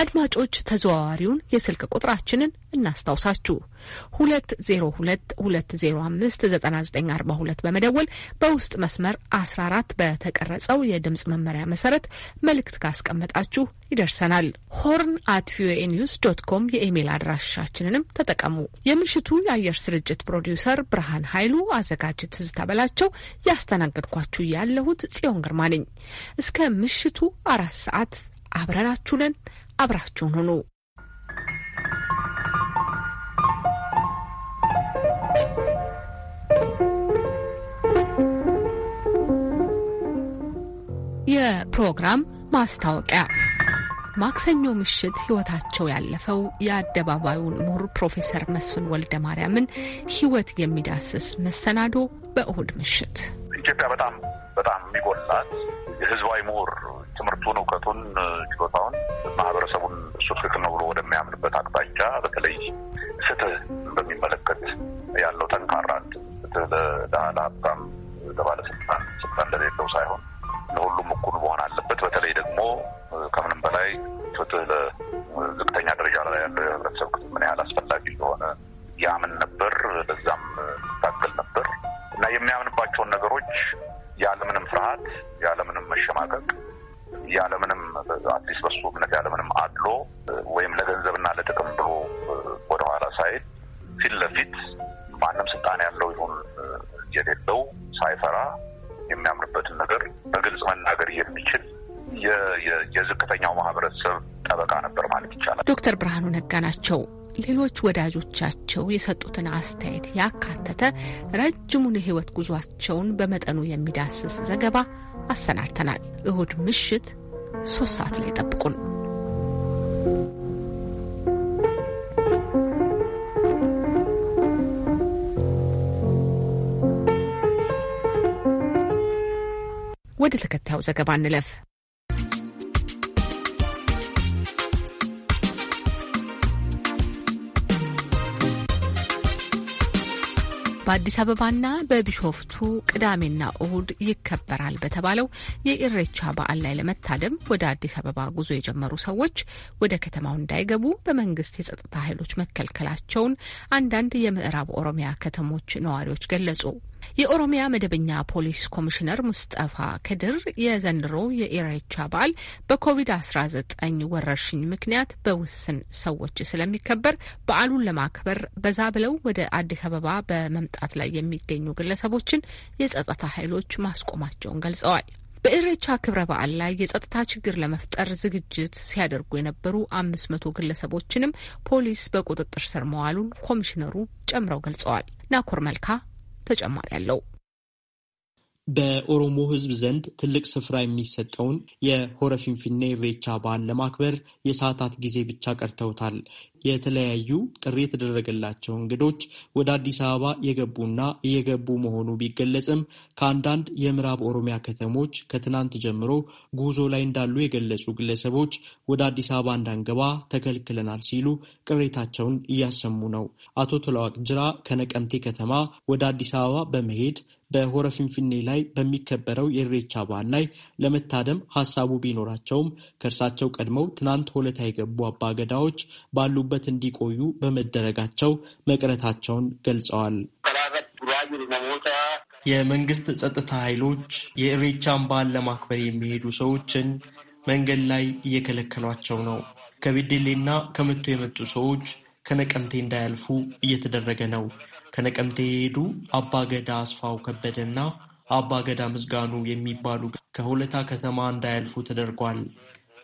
S3: አድማጮች ተዘዋዋሪውን የስልክ ቁጥራችንን እናስታውሳችሁ። 2022059942 በመደወል በውስጥ መስመር 14 በተቀረጸው የድምፅ መመሪያ መሰረት መልእክት ካስቀመጣችሁ ይደርሰናል። ሆርን አት ቪኦኤ ኒውስ ዶት ኮም የኢሜይል አድራሻችንንም ተጠቀሙ። የምሽቱ የአየር ስርጭት ፕሮዲውሰር ብርሃን ኃይሉ፣ አዘጋጅ ትዝታ በላቸው፣ ያስተናገድኳችሁ ያለሁት ጽዮን ግርማ ነኝ። እስከ ምሽቱ አራት ሰዓት አብረናችሁ ነን። አብራችሁን ሁኑ። የፕሮግራም ማስታወቂያ ማክሰኞ ምሽት ህይወታቸው ያለፈው የአደባባዩን ምሁር ፕሮፌሰር መስፍን ወልደ ማርያምን ህይወት የሚዳስስ መሰናዶ በእሁድ ምሽት
S10: ኢትዮጵያ በጣም በጣም የሚጎላት ህዝባዊ ምሁር ትምህርቱን፣ እውቀቱን፣ ችሎታውን ማህበረሰቡን እሱ ትክክል ነው ብሎ ወደሚያምንበት አቅጣጫ በተለይ ፍትህ በሚመለከት ያለው ጠንካራ ፍትህ ለድሃ ለሀብታም፣ ለባለስልጣን ስልጣን ለሌለው ሳይሆን ለሁሉም እኩል መሆን አለበት። በተለይ ደግሞ ከምንም በላይ ፍትህ ለዝቅተኛ ደረጃ ላይ ያለው የህብረተሰብ ክፍል ምን ያህል አስፈላጊ እንደሆነ ያምን ነበር። ለዛም ታገል ነበር እና የሚያምንባቸውን ነገሮች ያለምንም ፍርሃት ያለምንም መሸማቀቅ ያለምንም አትሊስት በሱ እምነት ያለምንም አድሎ ወይም ለገንዘብና ለጥቅም ብሎ ወደኋላ ሳይል ፊት ለፊት ማንም ስልጣን ያለው ይሁን የሌለው ሳይፈራ የሚያምንበትን ነገር በግልጽ መናገር የሚችል የዝቅተኛው ማህበረሰብ
S3: ጠበቃ ነበር ማለት ይቻላል። ዶክተር ብርሃኑ ነጋ ናቸው። ሌሎች ወዳጆቻቸው የሰጡትን አስተያየት ያካተተ ረጅሙን የህይወት ጉዟቸውን በመጠኑ የሚዳስስ ዘገባ አሰናድተናል። እሁድ ምሽት ሶስት ሰዓት ላይ ጠብቁን። ወደ ተከታዩ ዘገባ እንለፍ። በአዲስ አበባና በቢሾፍቱ ቅዳሜና እሁድ ይከበራል በተባለው የኢሬቻ በዓል ላይ ለመታደም ወደ አዲስ አበባ ጉዞ የጀመሩ ሰዎች ወደ ከተማው እንዳይገቡ በመንግስት የጸጥታ ኃይሎች መከልከላቸውን አንዳንድ የምዕራብ ኦሮሚያ ከተሞች ነዋሪዎች ገለጹ። የኦሮሚያ መደበኛ ፖሊስ ኮሚሽነር ሙስጠፋ ክድር የዘንድሮ የኢሬቻ በዓል በኮቪድ-19 ወረርሽኝ ምክንያት በውስን ሰዎች ስለሚከበር በዓሉን ለማክበር በዛ ብለው ወደ አዲስ አበባ በመምጣት ላይ የሚገኙ ግለሰቦችን የጸጥታ ኃይሎች ማስቆማቸውን ገልጸዋል። በኢሬቻ ክብረ በዓል ላይ የጸጥታ ችግር ለመፍጠር ዝግጅት ሲያደርጉ የነበሩ አምስት መቶ ግለሰቦችንም ፖሊስ በቁጥጥር ስር መዋሉን ኮሚሽነሩ
S11: ጨምረው ገልጸዋል። ናኮር መልካ ተጨማሪ አለው። በኦሮሞ ሕዝብ ዘንድ ትልቅ ስፍራ የሚሰጠውን የሆረ ፊንፊኔ ኢሬቻ በዓል ለማክበር የሰዓታት ጊዜ ብቻ ቀርተውታል። የተለያዩ ጥሪ የተደረገላቸው እንግዶች ወደ አዲስ አበባ የገቡና እየገቡ መሆኑ ቢገለጽም ከአንዳንድ የምዕራብ ኦሮሚያ ከተሞች ከትናንት ጀምሮ ጉዞ ላይ እንዳሉ የገለጹ ግለሰቦች ወደ አዲስ አበባ እንዳንገባ ተከልክለናል ሲሉ ቅሬታቸውን እያሰሙ ነው። አቶ ቶላዋቅ ጅራ ከነቀምቴ ከተማ ወደ አዲስ አበባ በመሄድ በሆረ ፊንፊኔ ላይ በሚከበረው የኢሬቻ በዓል ላይ ለመታደም ሀሳቡ ቢኖራቸውም ከእርሳቸው ቀድመው ትናንት ሆለታ የገቡ አባገዳዎች ባሉበት እንዲቆዩ በመደረጋቸው መቅረታቸውን ገልጸዋል። የመንግስት ጸጥታ ኃይሎች የኢሬቻን በዓል ለማክበር የሚሄዱ ሰዎችን መንገድ ላይ እየከለከሏቸው ነው። ከቤዴሌና ከመቶ የመጡ ሰዎች ከነቀምቴ እንዳያልፉ እየተደረገ ነው። ከነቀምቴ የሄዱ አባገዳ አስፋው ከበደና አባገዳ ምዝጋኑ የሚባሉ ከሆለታ ከተማ እንዳያልፉ ተደርጓል።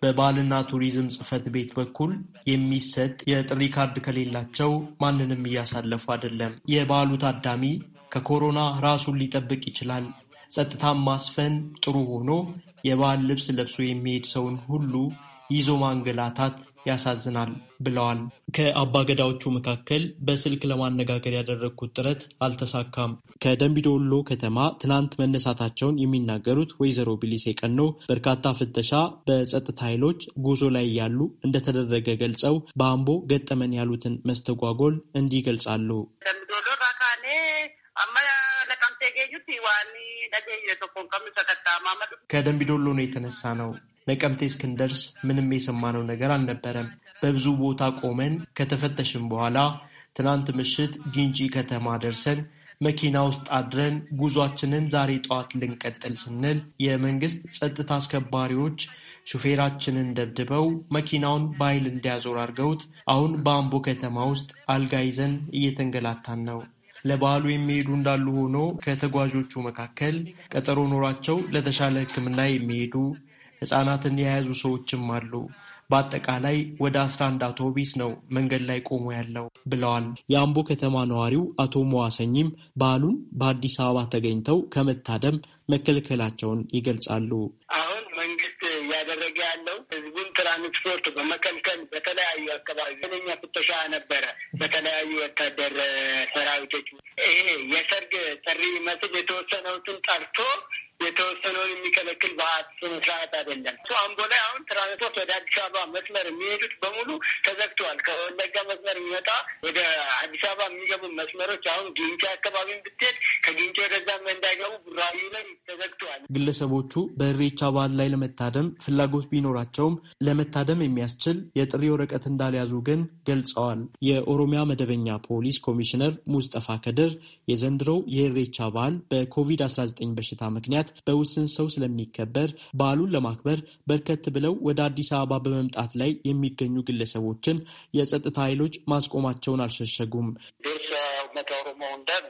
S11: በባህልና ቱሪዝም ጽህፈት ቤት በኩል የሚሰጥ የጥሪ ካርድ ከሌላቸው ማንንም እያሳለፉ አይደለም። የበዓሉ ታዳሚ ከኮሮና ራሱን ሊጠብቅ ይችላል። ጸጥታን ማስፈን ጥሩ ሆኖ የባህል ልብስ ለብሶ የሚሄድ ሰውን ሁሉ ይዞ ማንገላታት ያሳዝናል ብለዋል። ከአባገዳዎቹ መካከል በስልክ ለማነጋገር ያደረግኩት ጥረት አልተሳካም። ከደንቢዶሎ ከተማ ትናንት መነሳታቸውን የሚናገሩት ወይዘሮ ቢሊሴ ቀኖ በርካታ ፍተሻ በጸጥታ ኃይሎች ጉዞ ላይ ያሉ እንደተደረገ ገልጸው በአምቦ ገጠመን ያሉትን መስተጓጎል እንዲህ ይገልጻሉ። ከደንቢዶሎ ነው የተነሳ ነው ነቀምቴ እስክንደርስ ምንም የሰማነው ነገር አልነበረም። በብዙ ቦታ ቆመን ከተፈተሽን በኋላ ትናንት ምሽት ጊንጪ ከተማ ደርሰን መኪና ውስጥ አድረን ጉዟችንን ዛሬ ጠዋት ልንቀጥል ስንል የመንግስት ጸጥታ አስከባሪዎች ሹፌራችንን ደብድበው መኪናውን በኃይል እንዲያዞር አድርገውት አሁን በአምቦ ከተማ ውስጥ አልጋ ይዘን እየተንገላታን ነው። ለበዓሉ የሚሄዱ እንዳሉ ሆኖ ከተጓዦቹ መካከል ቀጠሮ ኖሯቸው ለተሻለ ሕክምና የሚሄዱ ሕፃናትን የያዙ ሰዎችም አሉ። በአጠቃላይ ወደ 11 አውቶቢስ ነው መንገድ ላይ ቆሞ ያለው ብለዋል። የአምቦ ከተማ ነዋሪው አቶ መዋሰኝም በዓሉን በአዲስ አበባ ተገኝተው ከመታደም መከልከላቸውን ይገልጻሉ። አሁን መንግስት እያደረገ ያለው ህዝቡን ትራንስፖርት በመከልከል
S14: በተለያዩ አካባቢ ኃይለኛ ፍተሻ ነበረ። በተለያዩ ወታደር ሰራዊቶች ይሄ የሰርግ ጥሪ መስል የተወሰነውትን ጠርቶ የተወሰነውን የሚከለክል በአት ስነስርዓት አይደለም። አምቦ ላይ አሁን ትራንስፖርት ወደ አዲስ አበባ መስመር የሚሄዱት በሙሉ ተዘግተዋል። ከወለጋ መስመር የሚመጣ ወደ አዲስ አበባ የሚገቡ መስመሮች አሁን ጊንጪ አካባቢ ብትሄድ ከጊንጪ ወደዛ እንዳይገቡ ቡራዩ ላይ
S11: ተዘግተዋል። ግለሰቦቹ በኢሬቻ በዓል ላይ ለመታደም ፍላጎት ቢኖራቸውም ለመታደም የሚያስችል የጥሪ ወረቀት እንዳልያዙ ግን ገልጸዋል። የኦሮሚያ መደበኛ ፖሊስ ኮሚሽነር ሙስጠፋ ከድር የዘንድሮው የኢሬቻ በዓል በኮቪድ-19 በሽታ ምክንያት በውስን ሰው ስለሚከበር በዓሉን ለማክበር በርከት ብለው ወደ አዲስ አበባ በመምጣት ላይ የሚገኙ ግለሰቦችን የጸጥታ ኃይሎች ማስቆማቸውን አልሸሸጉም። መተ ኦሮሞ እንዳል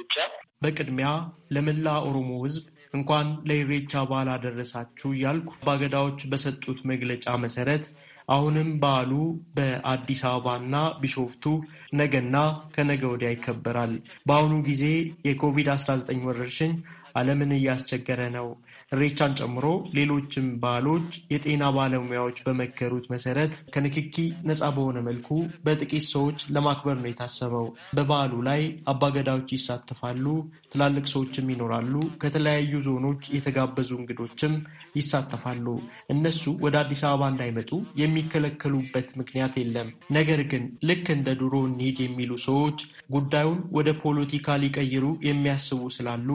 S11: ብቻ በቅድሚያ ለመላ ኦሮሞ ህዝብ እንኳን ለኢሬቻ በዓል አደረሳችሁ እያልኩ አባገዳዎች በሰጡት መግለጫ መሰረት አሁንም በዓሉ በአዲስ አበባና ቢሾፍቱ ነገና ከነገ ወዲያ ይከበራል። በአሁኑ ጊዜ የኮቪድ-19 ወረርሽኝ ዓለምን እያስቸገረ ነው። እሬቻን ጨምሮ ሌሎችም ባህሎች የጤና ባለሙያዎች በመከሩት መሰረት ከንክኪ ነፃ በሆነ መልኩ በጥቂት ሰዎች ለማክበር ነው የታሰበው። በበዓሉ ላይ አባገዳዎች ይሳተፋሉ፣ ትላልቅ ሰዎችም ይኖራሉ። ከተለያዩ ዞኖች የተጋበዙ እንግዶችም ይሳተፋሉ። እነሱ ወደ አዲስ አበባ እንዳይመጡ የሚከለከሉበት ምክንያት የለም። ነገር ግን ልክ እንደ ድሮ እንሂድ የሚሉ ሰዎች ጉዳዩን ወደ ፖለቲካ ሊቀይሩ የሚያስቡ ስላሉ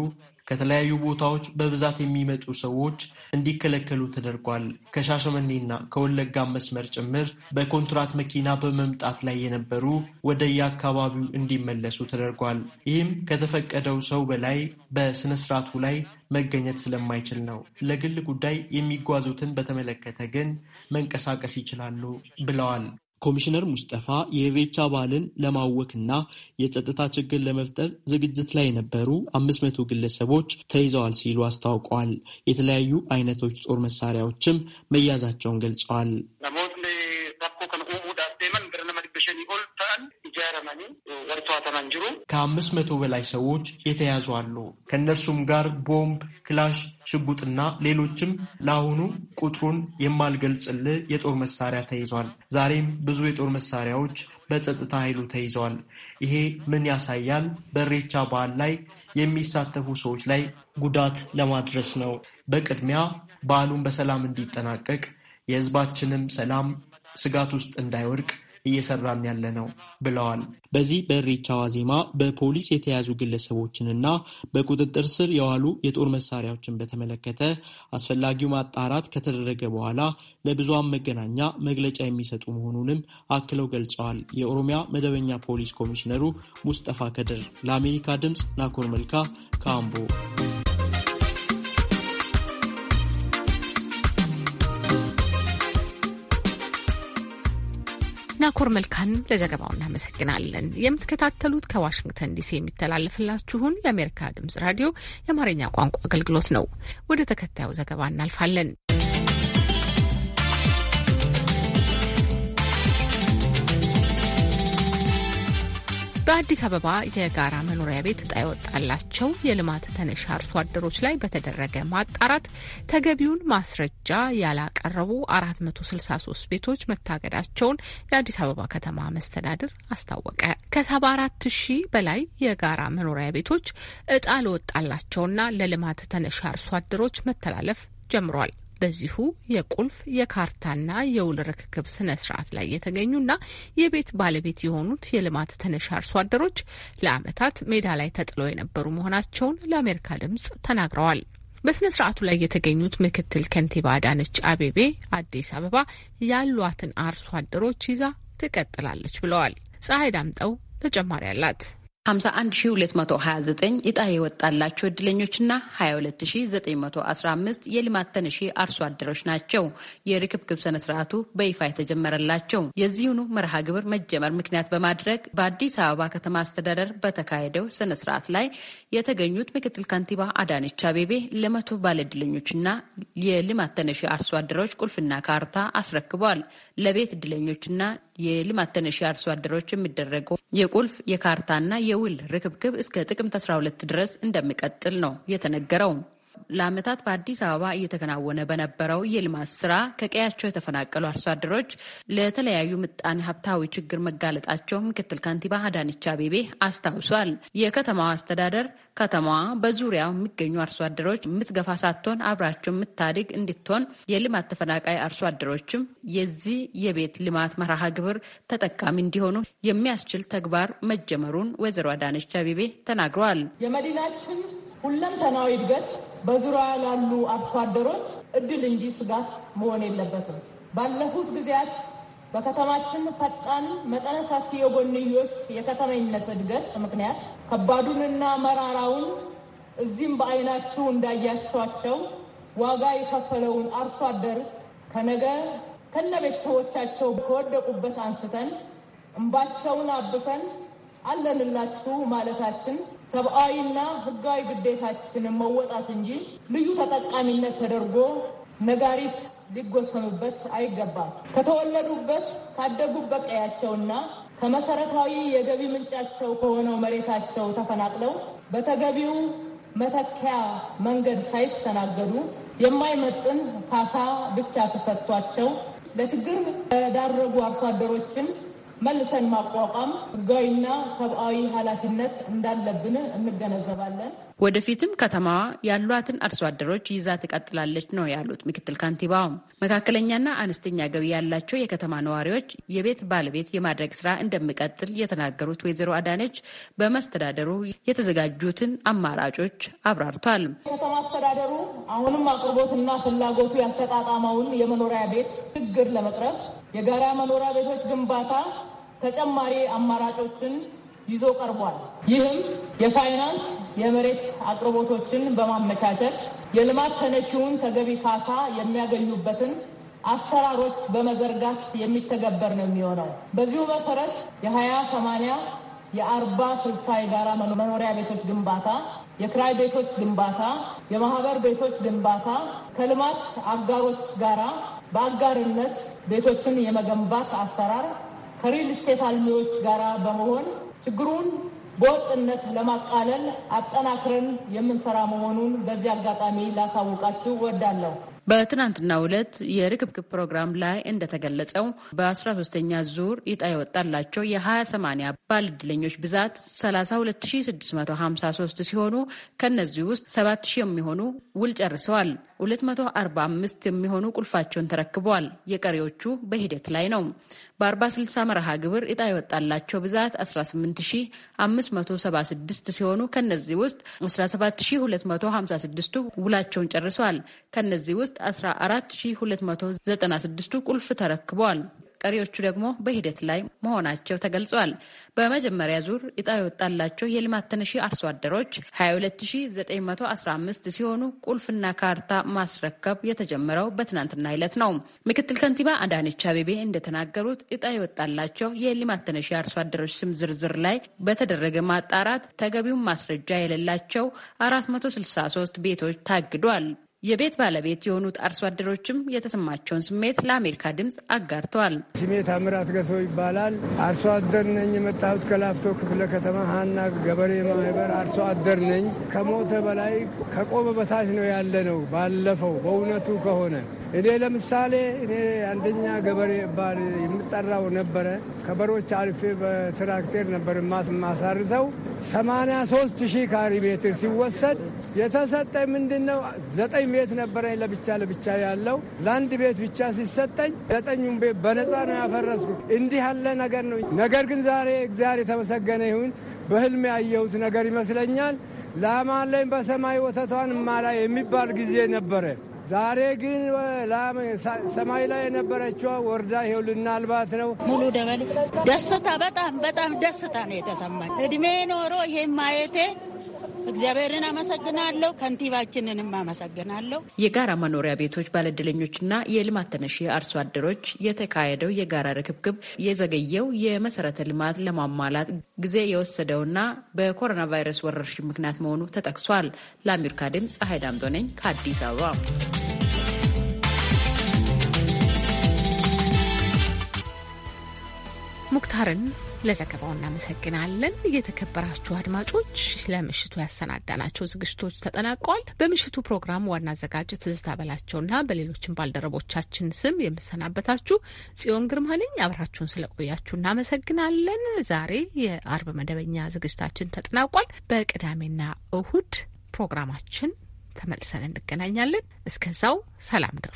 S11: ከተለያዩ ቦታዎች በብዛት የሚመጡ ሰዎች እንዲከለከሉ ተደርጓል። ከሻሸመኔና ከወለጋ መስመር ጭምር በኮንትራት መኪና በመምጣት ላይ የነበሩ ወደ የአካባቢው እንዲመለሱ ተደርጓል። ይህም ከተፈቀደው ሰው በላይ በስነስርዓቱ ላይ መገኘት ስለማይችል ነው። ለግል ጉዳይ የሚጓዙትን በተመለከተ ግን መንቀሳቀስ ይችላሉ ብለዋል። ኮሚሽነር ሙስጠፋ የኢሬቻ በዓልን ለማወክና የጸጥታ ችግር ለመፍጠር ዝግጅት ላይ የነበሩ አምስት መቶ ግለሰቦች ተይዘዋል ሲሉ አስታውቀዋል። የተለያዩ አይነቶች ጦር መሳሪያዎችም መያዛቸውን ገልጸዋል። ከአምስት መቶ በላይ ሰዎች የተያዙ አሉ። ከእነርሱም ጋር ቦምብ፣ ክላሽ፣ ሽጉጥና ሌሎችም ለአሁኑ ቁጥሩን የማልገልጽልህ የጦር መሳሪያ ተይዟል። ዛሬም ብዙ የጦር መሳሪያዎች በጸጥታ ኃይሉ ተይዘዋል። ይሄ ምን ያሳያል? በሬቻ በዓል ላይ የሚሳተፉ ሰዎች ላይ ጉዳት ለማድረስ ነው። በቅድሚያ በዓሉን በሰላም እንዲጠናቀቅ የሕዝባችንም ሰላም ስጋት ውስጥ እንዳይወድቅ እየሰራን ያለ ነው ብለዋል። በዚህ በኢሬቻ ዋዜማ በፖሊስ የተያዙ ግለሰቦችንና በቁጥጥር ስር የዋሉ የጦር መሳሪያዎችን በተመለከተ አስፈላጊው ማጣራት ከተደረገ በኋላ ለብዙሃን መገናኛ መግለጫ የሚሰጡ መሆኑንም አክለው ገልጸዋል። የኦሮሚያ መደበኛ ፖሊስ ኮሚሽነሩ ሙስጠፋ ከድር ለአሜሪካ ድምፅ ናኮር መልካ ካምቦ
S3: ናኮር መልካን ለዘገባው እናመሰግናለን። የምትከታተሉት ከዋሽንግተን ዲሲ የሚተላለፍላችሁን የአሜሪካ ድምጽ ራዲዮ የአማርኛ ቋንቋ አገልግሎት ነው። ወደ ተከታዩ ዘገባ እናልፋለን። በአዲስ አበባ የጋራ መኖሪያ ቤት እጣ የወጣላቸው የልማት ተነሽ አርሶ አደሮች ላይ በተደረገ ማጣራት ተገቢውን ማስረጃ ያላቀረቡ 463 ቤቶች መታገዳቸውን የአዲስ አበባ ከተማ መስተዳድር አስታወቀ። ከ74 ሺህ በላይ የጋራ መኖሪያ ቤቶች እጣ ለወጣላቸውና ለልማት ተነሽ አርሶ አደሮች መተላለፍ ጀምሯል። በዚሁ የቁልፍ የካርታና የውል ርክክብ ስነ ስርዓት ላይ የተገኙና የቤት ባለቤት የሆኑት የልማት ተነሽ አርሶ አደሮች ለዓመታት ሜዳ ላይ ተጥለው የነበሩ መሆናቸውን ለአሜሪካ ድምጽ ተናግረዋል። በስነ ስርዓቱ ላይ የተገኙት ምክትል ከንቲባ አዳነች አቤቤ አዲስ አበባ ያሏትን አርሶ አደሮች ይዛ ትቀጥላለች ብለዋል። ፀሐይ ዳምጠው
S15: ተጨማሪ አላት። 51229 እጣ የወጣላቸው እድለኞችና 22915 የልማት ተነሺ አርሶ አደሮች ናቸው የርክብክብ ስነ ስርዓቱ በይፋ የተጀመረላቸው። የዚሁኑ መርሃ ግብር መጀመር ምክንያት በማድረግ በአዲስ አበባ ከተማ አስተዳደር በተካሄደው ስነ ስርዓት ላይ የተገኙት ምክትል ከንቲባ አዳነች አቤቤ ለመቶ እድለኞችና የልማት ተነሺ አርሶ አደሮች ቁልፍና ካርታ አስረክቧል። ለቤት እድለኞችና የልማት ተነሺ አርሶ አደሮች የሚደረገው የቁልፍ የካርታና የ የውል ርክብክብ እስከ ጥቅምት 12 ድረስ እንደሚቀጥል ነው የተነገረው። ለዓመታት በአዲስ አበባ እየተከናወነ በነበረው የልማት ስራ ከቀያቸው የተፈናቀሉ አርሶ አደሮች ለተለያዩ ምጣኔ ሀብታዊ ችግር መጋለጣቸው ምክትል ከንቲባ አዳነች አቤቤ አስታውሷል። የከተማዋ አስተዳደር ከተማዋ በዙሪያው የሚገኙ አርሶ አደሮች የምትገፋ ሳትሆን አብራቸው የምታድግ እንድትሆን የልማት ተፈናቃይ አርሶ አደሮችም የዚህ የቤት ልማት መርሃ ግብር ተጠቃሚ እንዲሆኑ የሚያስችል ተግባር መጀመሩን ወይዘሮ አዳነች አቤቤ ተናግረዋል።
S2: የመዲናችን ሁለንተናዊ እድገት በዙሪያ ላሉ አርሶ አደሮች እድል እንጂ ስጋት መሆን የለበትም። ባለፉት ጊዜያት በከተማችን ፈጣን መጠነ ሰፊ የጎንዮሽ የከተማይነት እድገት ምክንያት ከባዱንና መራራውን እዚህም በአይናችሁ እንዳያቸዋቸው ዋጋ የከፈለውን አርሶ አደር ከነገ ከነ ቤተሰቦቻቸው ከወደቁበት አንስተን እንባቸውን አብሰን አለንላችሁ ማለታችን ሰብአዊና ህጋዊ ግዴታችንን መወጣት እንጂ ልዩ ተጠቃሚነት ተደርጎ ነጋሪት ሊጎሰኑበት አይገባም። ከተወለዱበት ካደጉበት ቀያቸውና ከመሰረታዊ የገቢ ምንጫቸው ከሆነው መሬታቸው ተፈናቅለው በተገቢው መተኪያ መንገድ ሳይስተናገዱ የማይመጥን ካሳ ብቻ ተሰጥቷቸው ለችግር የዳረጉ አርሶ አደሮችን መልሰን ማቋቋም ህጋዊና ሰብአዊ ኃላፊነት እንዳለብን እንገነዘባለን።
S15: ወደፊትም ከተማዋ ያሏትን አርሶ አደሮች ይዛ ትቀጥላለች ነው ያሉት ምክትል ካንቲባውም። መካከለኛና አነስተኛ ገቢ ያላቸው የከተማ ነዋሪዎች የቤት ባለቤት የማድረግ ስራ እንደሚቀጥል የተናገሩት ወይዘሮ አዳነች በመስተዳደሩ የተዘጋጁትን አማራጮች አብራርቷል።
S2: ከተማ አስተዳደሩ አሁንም አቅርቦትና ፍላጎቱ ያልተጣጣመውን የመኖሪያ ቤት ችግር ለመቅረፍ የጋራ መኖሪያ ቤቶች ግንባታ ተጨማሪ አማራጮችን ይዞ ቀርቧል። ይህም የፋይናንስ የመሬት አቅርቦቶችን በማመቻቸት የልማት ተነሺውን ተገቢ ካሳ የሚያገኙበትን አሰራሮች በመዘርጋት የሚተገበር ነው የሚሆነው። በዚሁ መሰረት የሀያ ሰማንያ የአርባ ስልሳ የጋራ መኖሪያ ቤቶች ግንባታ፣ የክራይ ቤቶች ግንባታ፣ የማህበር ቤቶች ግንባታ ከልማት አጋሮች ጋራ በአጋርነት ቤቶችን የመገንባት አሰራር ከሪል ስቴት አልሚዎች ጋር በመሆን ችግሩን በወጥነት ለማቃለል አጠናክረን የምንሰራ መሆኑን በዚህ አጋጣሚ ላሳውቃችሁ እወዳለሁ።
S15: በትናንትና ዕለት የርክብክብ ፕሮግራም ላይ እንደተገለጸው በ13ኛ ዙር ይጣ የወጣላቸው የ20/80 ባለዕድለኞች ብዛት 32653 ሲሆኑ ከእነዚህ ውስጥ 7000 የሚሆኑ ውል ጨርሰዋል። 245 የሚሆኑ ቁልፋቸውን ተረክበዋል። የቀሪዎቹ በሂደት ላይ ነው። በ40/60 መርሃ ግብር እጣ የወጣላቸው ብዛት 18576 ሲሆኑ ከነዚህ ውስጥ 17256ቱ ውላቸውን ጨርሰዋል። ከነዚህ ውስጥ 14296ቱ ቁልፍ ተረክበዋል። ቀሪዎቹ ደግሞ በሂደት ላይ መሆናቸው ተገልጿል። በመጀመሪያ ዙር እጣ የወጣላቸው የልማት ተነሺ አርሶ አደሮች 22915 ሲሆኑ ቁልፍና ካርታ ማስረከብ የተጀመረው በትናንትና ዕለት ነው። ምክትል ከንቲባ አዳነች አቤቤ እንደተናገሩት እጣ የወጣላቸው የልማት ተነሺ አርሶ አደሮች ስም ዝርዝር ላይ በተደረገ ማጣራት ተገቢውን ማስረጃ የሌላቸው 463 ቤቶች ታግዷል። የቤት ባለቤት የሆኑት አርሶ አደሮችም የተሰማቸውን ስሜት ለአሜሪካ ድምፅ አጋርተዋል።
S5: ስሜ ታምራት ገሶ ይባላል። አርሶ አደር ነኝ። የመጣሁት ከላፍቶ ክፍለ
S4: ከተማ ሀና ገበሬ ማህበር አርሶ አደር ነኝ። ከሞተ በላይ ከቆመ በታች ነው ያለ ነው። ባለፈው በእውነቱ ከሆነ እኔ ለምሳሌ እኔ አንደኛ ገበሬ ባል የምጠራው ነበረ። ከበሮች አልፌ በትራክቴር ነበር ማሳርሰው 83 ሺህ ካሪ ሜትር ሲወሰድ የተሰጠኝ ምንድን
S11: ነው? ዘጠኝ ቤት ነበረኝ ለብቻ ለብቻ ያለው ለአንድ ቤት ብቻ ሲሰጠኝ ዘጠኙን
S4: ቤት በነፃ ነው ያፈረስኩ። እንዲህ ያለ ነገር ነው። ነገር ግን ዛሬ እግዚአብሔር የተመሰገነ ይሁን በህልም ያየሁት ነገር ይመስለኛል። ላማለኝ በሰማይ ወተቷን ማላ የሚባል ጊዜ ነበረ። ዛሬ ግን ላም ሰማይ ላይ የነበረችው ወርዳ ይኸውልና ልናልባት ነው። ሙሉ ደበል
S15: ደስታ፣ በጣም በጣም ደስታ ነው የተሰማኝ እድሜ ኖሮ ይሄን ማየቴ እግዚአብሔርን አመሰግናለሁ። ከንቲባችንንም አመሰግናለሁ። የጋራ መኖሪያ ቤቶች ባለድለኞችና የልማት ተነሺ አርሶ አደሮች የተካሄደው የጋራ ርክብክብ የዘገየው የመሰረተ ልማት ለማሟላት ጊዜ የወሰደውና በኮሮና ቫይረስ ወረርሽኝ ምክንያት መሆኑ ተጠቅሷል። ለአሜሪካ ድምፅ ፀሐይ ዳምጦ
S3: ነኝ ከአዲስ አበባ። ሙክታርን ለዘገባው እናመሰግናለን። እየተከበራችሁ አድማጮች ለምሽቱ ያሰናዳናቸው ዝግጅቶች ተጠናቀዋል። በምሽቱ ፕሮግራም ዋና አዘጋጅ ትዝታ በላቸውና በሌሎችን ባልደረቦቻችን ስም የምሰናበታችሁ ጽዮን ግርማ ነኝ። አብራችሁን ስለቆያችሁ እናመሰግናለን። ዛሬ የአርብ መደበኛ ዝግጅታችን ተጠናቋል። በቅዳሜና እሁድ ፕሮግራማችን ተመልሰን እንገናኛለን። እስከዛው ሰላም ደሩ።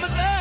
S16: Mama there.